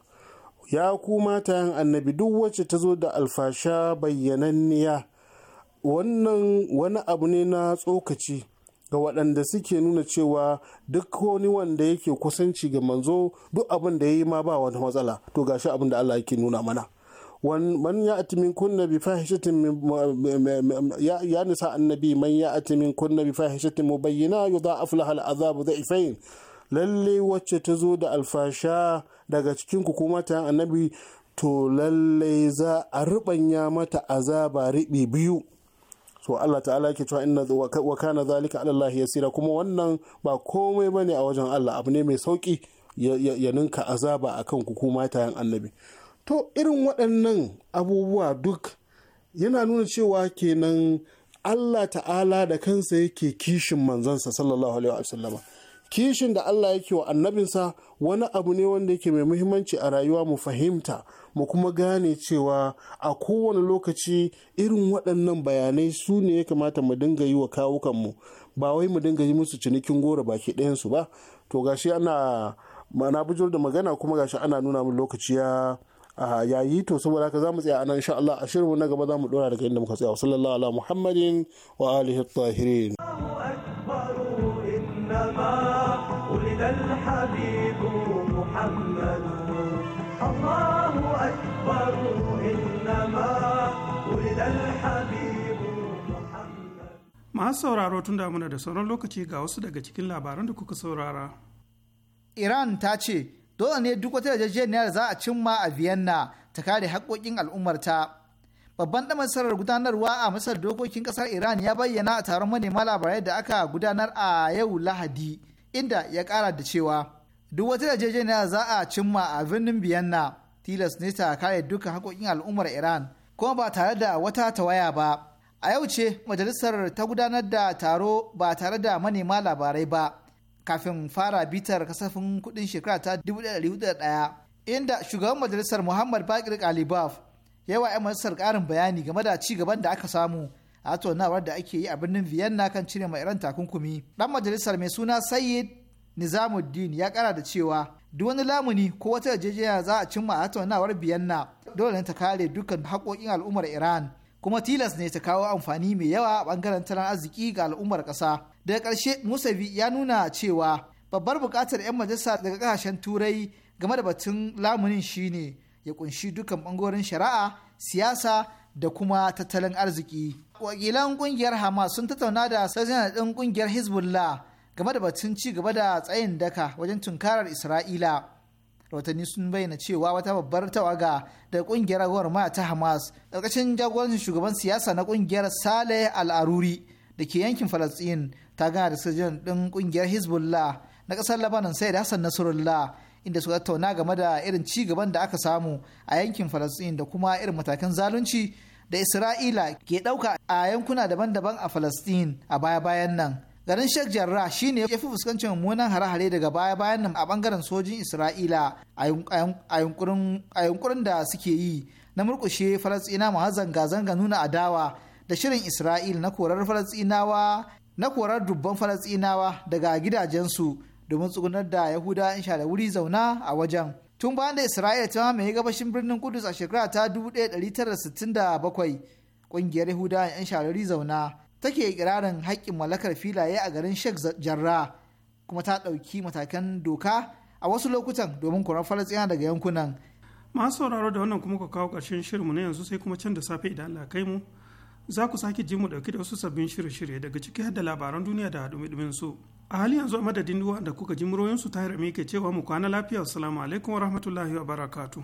ya ku yan annabi duk wacce ta zo da alfasha bayyananniya wannan wani abu ne na tsokaci ga waɗanda suke nuna cewa duk wani wanda yake kusanci ga manzo duk abin da ya yi ma ba wata matsala to gashi abin da Allah yake nuna mana man ya'ti min kunna bi fahishatin ya nisa annabi man ya'ti min kunna bi fahishatin mubayyina yudha'af laha al'azabu dha'ifain lalle wacce ta zo da alfasha daga cikin ku kuma ta annabi to lalle za a rubanya mata azaba ribi biyu to Allah ta'ala ke cewa inna wa kana zalika ala Allah yasira kuma wannan ba komai bane a wajen Allah abu ne mai sauki ya ninka azaba akan ku kuma tayan annabi to irin waɗannan abubuwa duk yana nuna cewa kenan Allah ta'ala da kansa yake kishin manzansa sallallahu alaihi sallama. kishin da Allah yake wa annabinsa wani abu ne wanda yake mai muhimmanci a rayuwa mu fahimta mu kuma gane cewa a kowane lokaci irin waɗannan bayanai su ne ya kamata mu dinga yi wa kawukanmu ba wai mu dinga yi musu cinikin goro baki ɗayansu ba to gashi ana mana bujur da magana kuma gashi ana nuna min lokaci ya yi to saboda haka zamu tsaya anan insha Allah a shirin na gaba zamu dora daga inda muka tsaya sallallahu ala muhammadin wa alihi tahirin masu sauraro tun damuna da sauran lokaci ga wasu daga cikin labaran da kuka saurara iran ta ce dole ne duk wata yarjejeniyar za a cimma a vienna ta kare haƙƙoƙin al'ummarta babban damar masarar gudanarwa a masar dokokin ƙasar iran ya bayyana a taron manema labarai da aka gudanar a yau lahadi inda ya ƙara da cewa duk wata yarjejeniya za a cimma a birnin Vienna tilas ne ta kare dukkan haƙoƙin al'ummar iran kuma ba tare da wata tawaya ba a yau ce majalisar ta gudanar da taro ba tare da manema labarai ba kafin fara bitar kasafin kudin shekara ta 1901 inda shugaban majalisar muhammad bakir kalibaf yawa 'yan majalisar karin bayani game da ci gaban da aka samu a tonawar da ake yi a birnin vienna kan cire mai iran takunkumi dan majalisar mai suna sayyid nizamuddin ya kara da cewa duk wani lamuni ko wata yarjejeniya za a cimma a tonawar vienna dole ne ta kare dukkan haƙoƙin al'ummar iran kuma tilas ne ta kawo amfani mai yawa a bangaren tattalin arziki ga al'ummar ƙasa. Daga ƙarshe Musavi ya nuna cewa babbar buƙatar 'yan majalisa daga ƙasashen turai game da batun lamunin shine ya kunshi dukkan bangoren shari'a, siyasa da kuma tattalin arziki. Wakilan ƙungiyar Hamas sun tattauna da sajanar ɗin ƙungiyar Hezbollah game da batun ci gaba da tsayin daka wajen tunkarar Isra'ila. rahotanni sun bayyana cewa wata babbar tawaga da kungiyar maya ta hamas ƙarƙashin jagorancin shugaban siyasa na kungiyar saleh al'aruri da ke yankin falastin ta gana da sojojin ɗin kungiyar hezbollah na ƙasar labanan sai da hassan nasrullah inda suka tattauna game da irin ci gaban da aka samu a yankin falastin da kuma irin matakan zalunci da isra'ila ke ɗauka a yankuna daban-daban a falastin a baya-bayan nan garin Sheikh Jarrah shine ya fi fuskancin mummunan hare-hare daga baya-bayan nan a bangaren sojin Isra'ila a yunkurin da suke yi na murkushe Falasɗina har zanga-zanga nuna adawa da shirin Isra'il na korar Falasɗinawa na korar dubban Falasɗinawa daga gidajensu domin tsugunar da Yahuda in sha da wuri zauna a wajen. Tun bayan da Isra'ila ta mamaye gabashin birnin Kudus a shekara ta 1967 ƙungiyar Yahuda 'yan wuri zauna take ikirarin haƙƙin mallakar filaye a garin Sheikh jarra kuma ta ɗauki matakan doka a wasu lokutan domin koran falasɗina daga yankunan. Masu sauraro da wannan kuma ka kawo ƙarshen shirinmu na yanzu sai kuma can da safe idan Allah kai mu za ku sake ji mu ɗauki da wasu sabbin shirye-shirye daga ciki har da labaran duniya da haɗumi su. A hali yanzu a madadin da kuka ji muroyinsu ta hira ke cewa mu kwana lafiya. Assalamu alaikum wa rahmatullahi wa barakatu.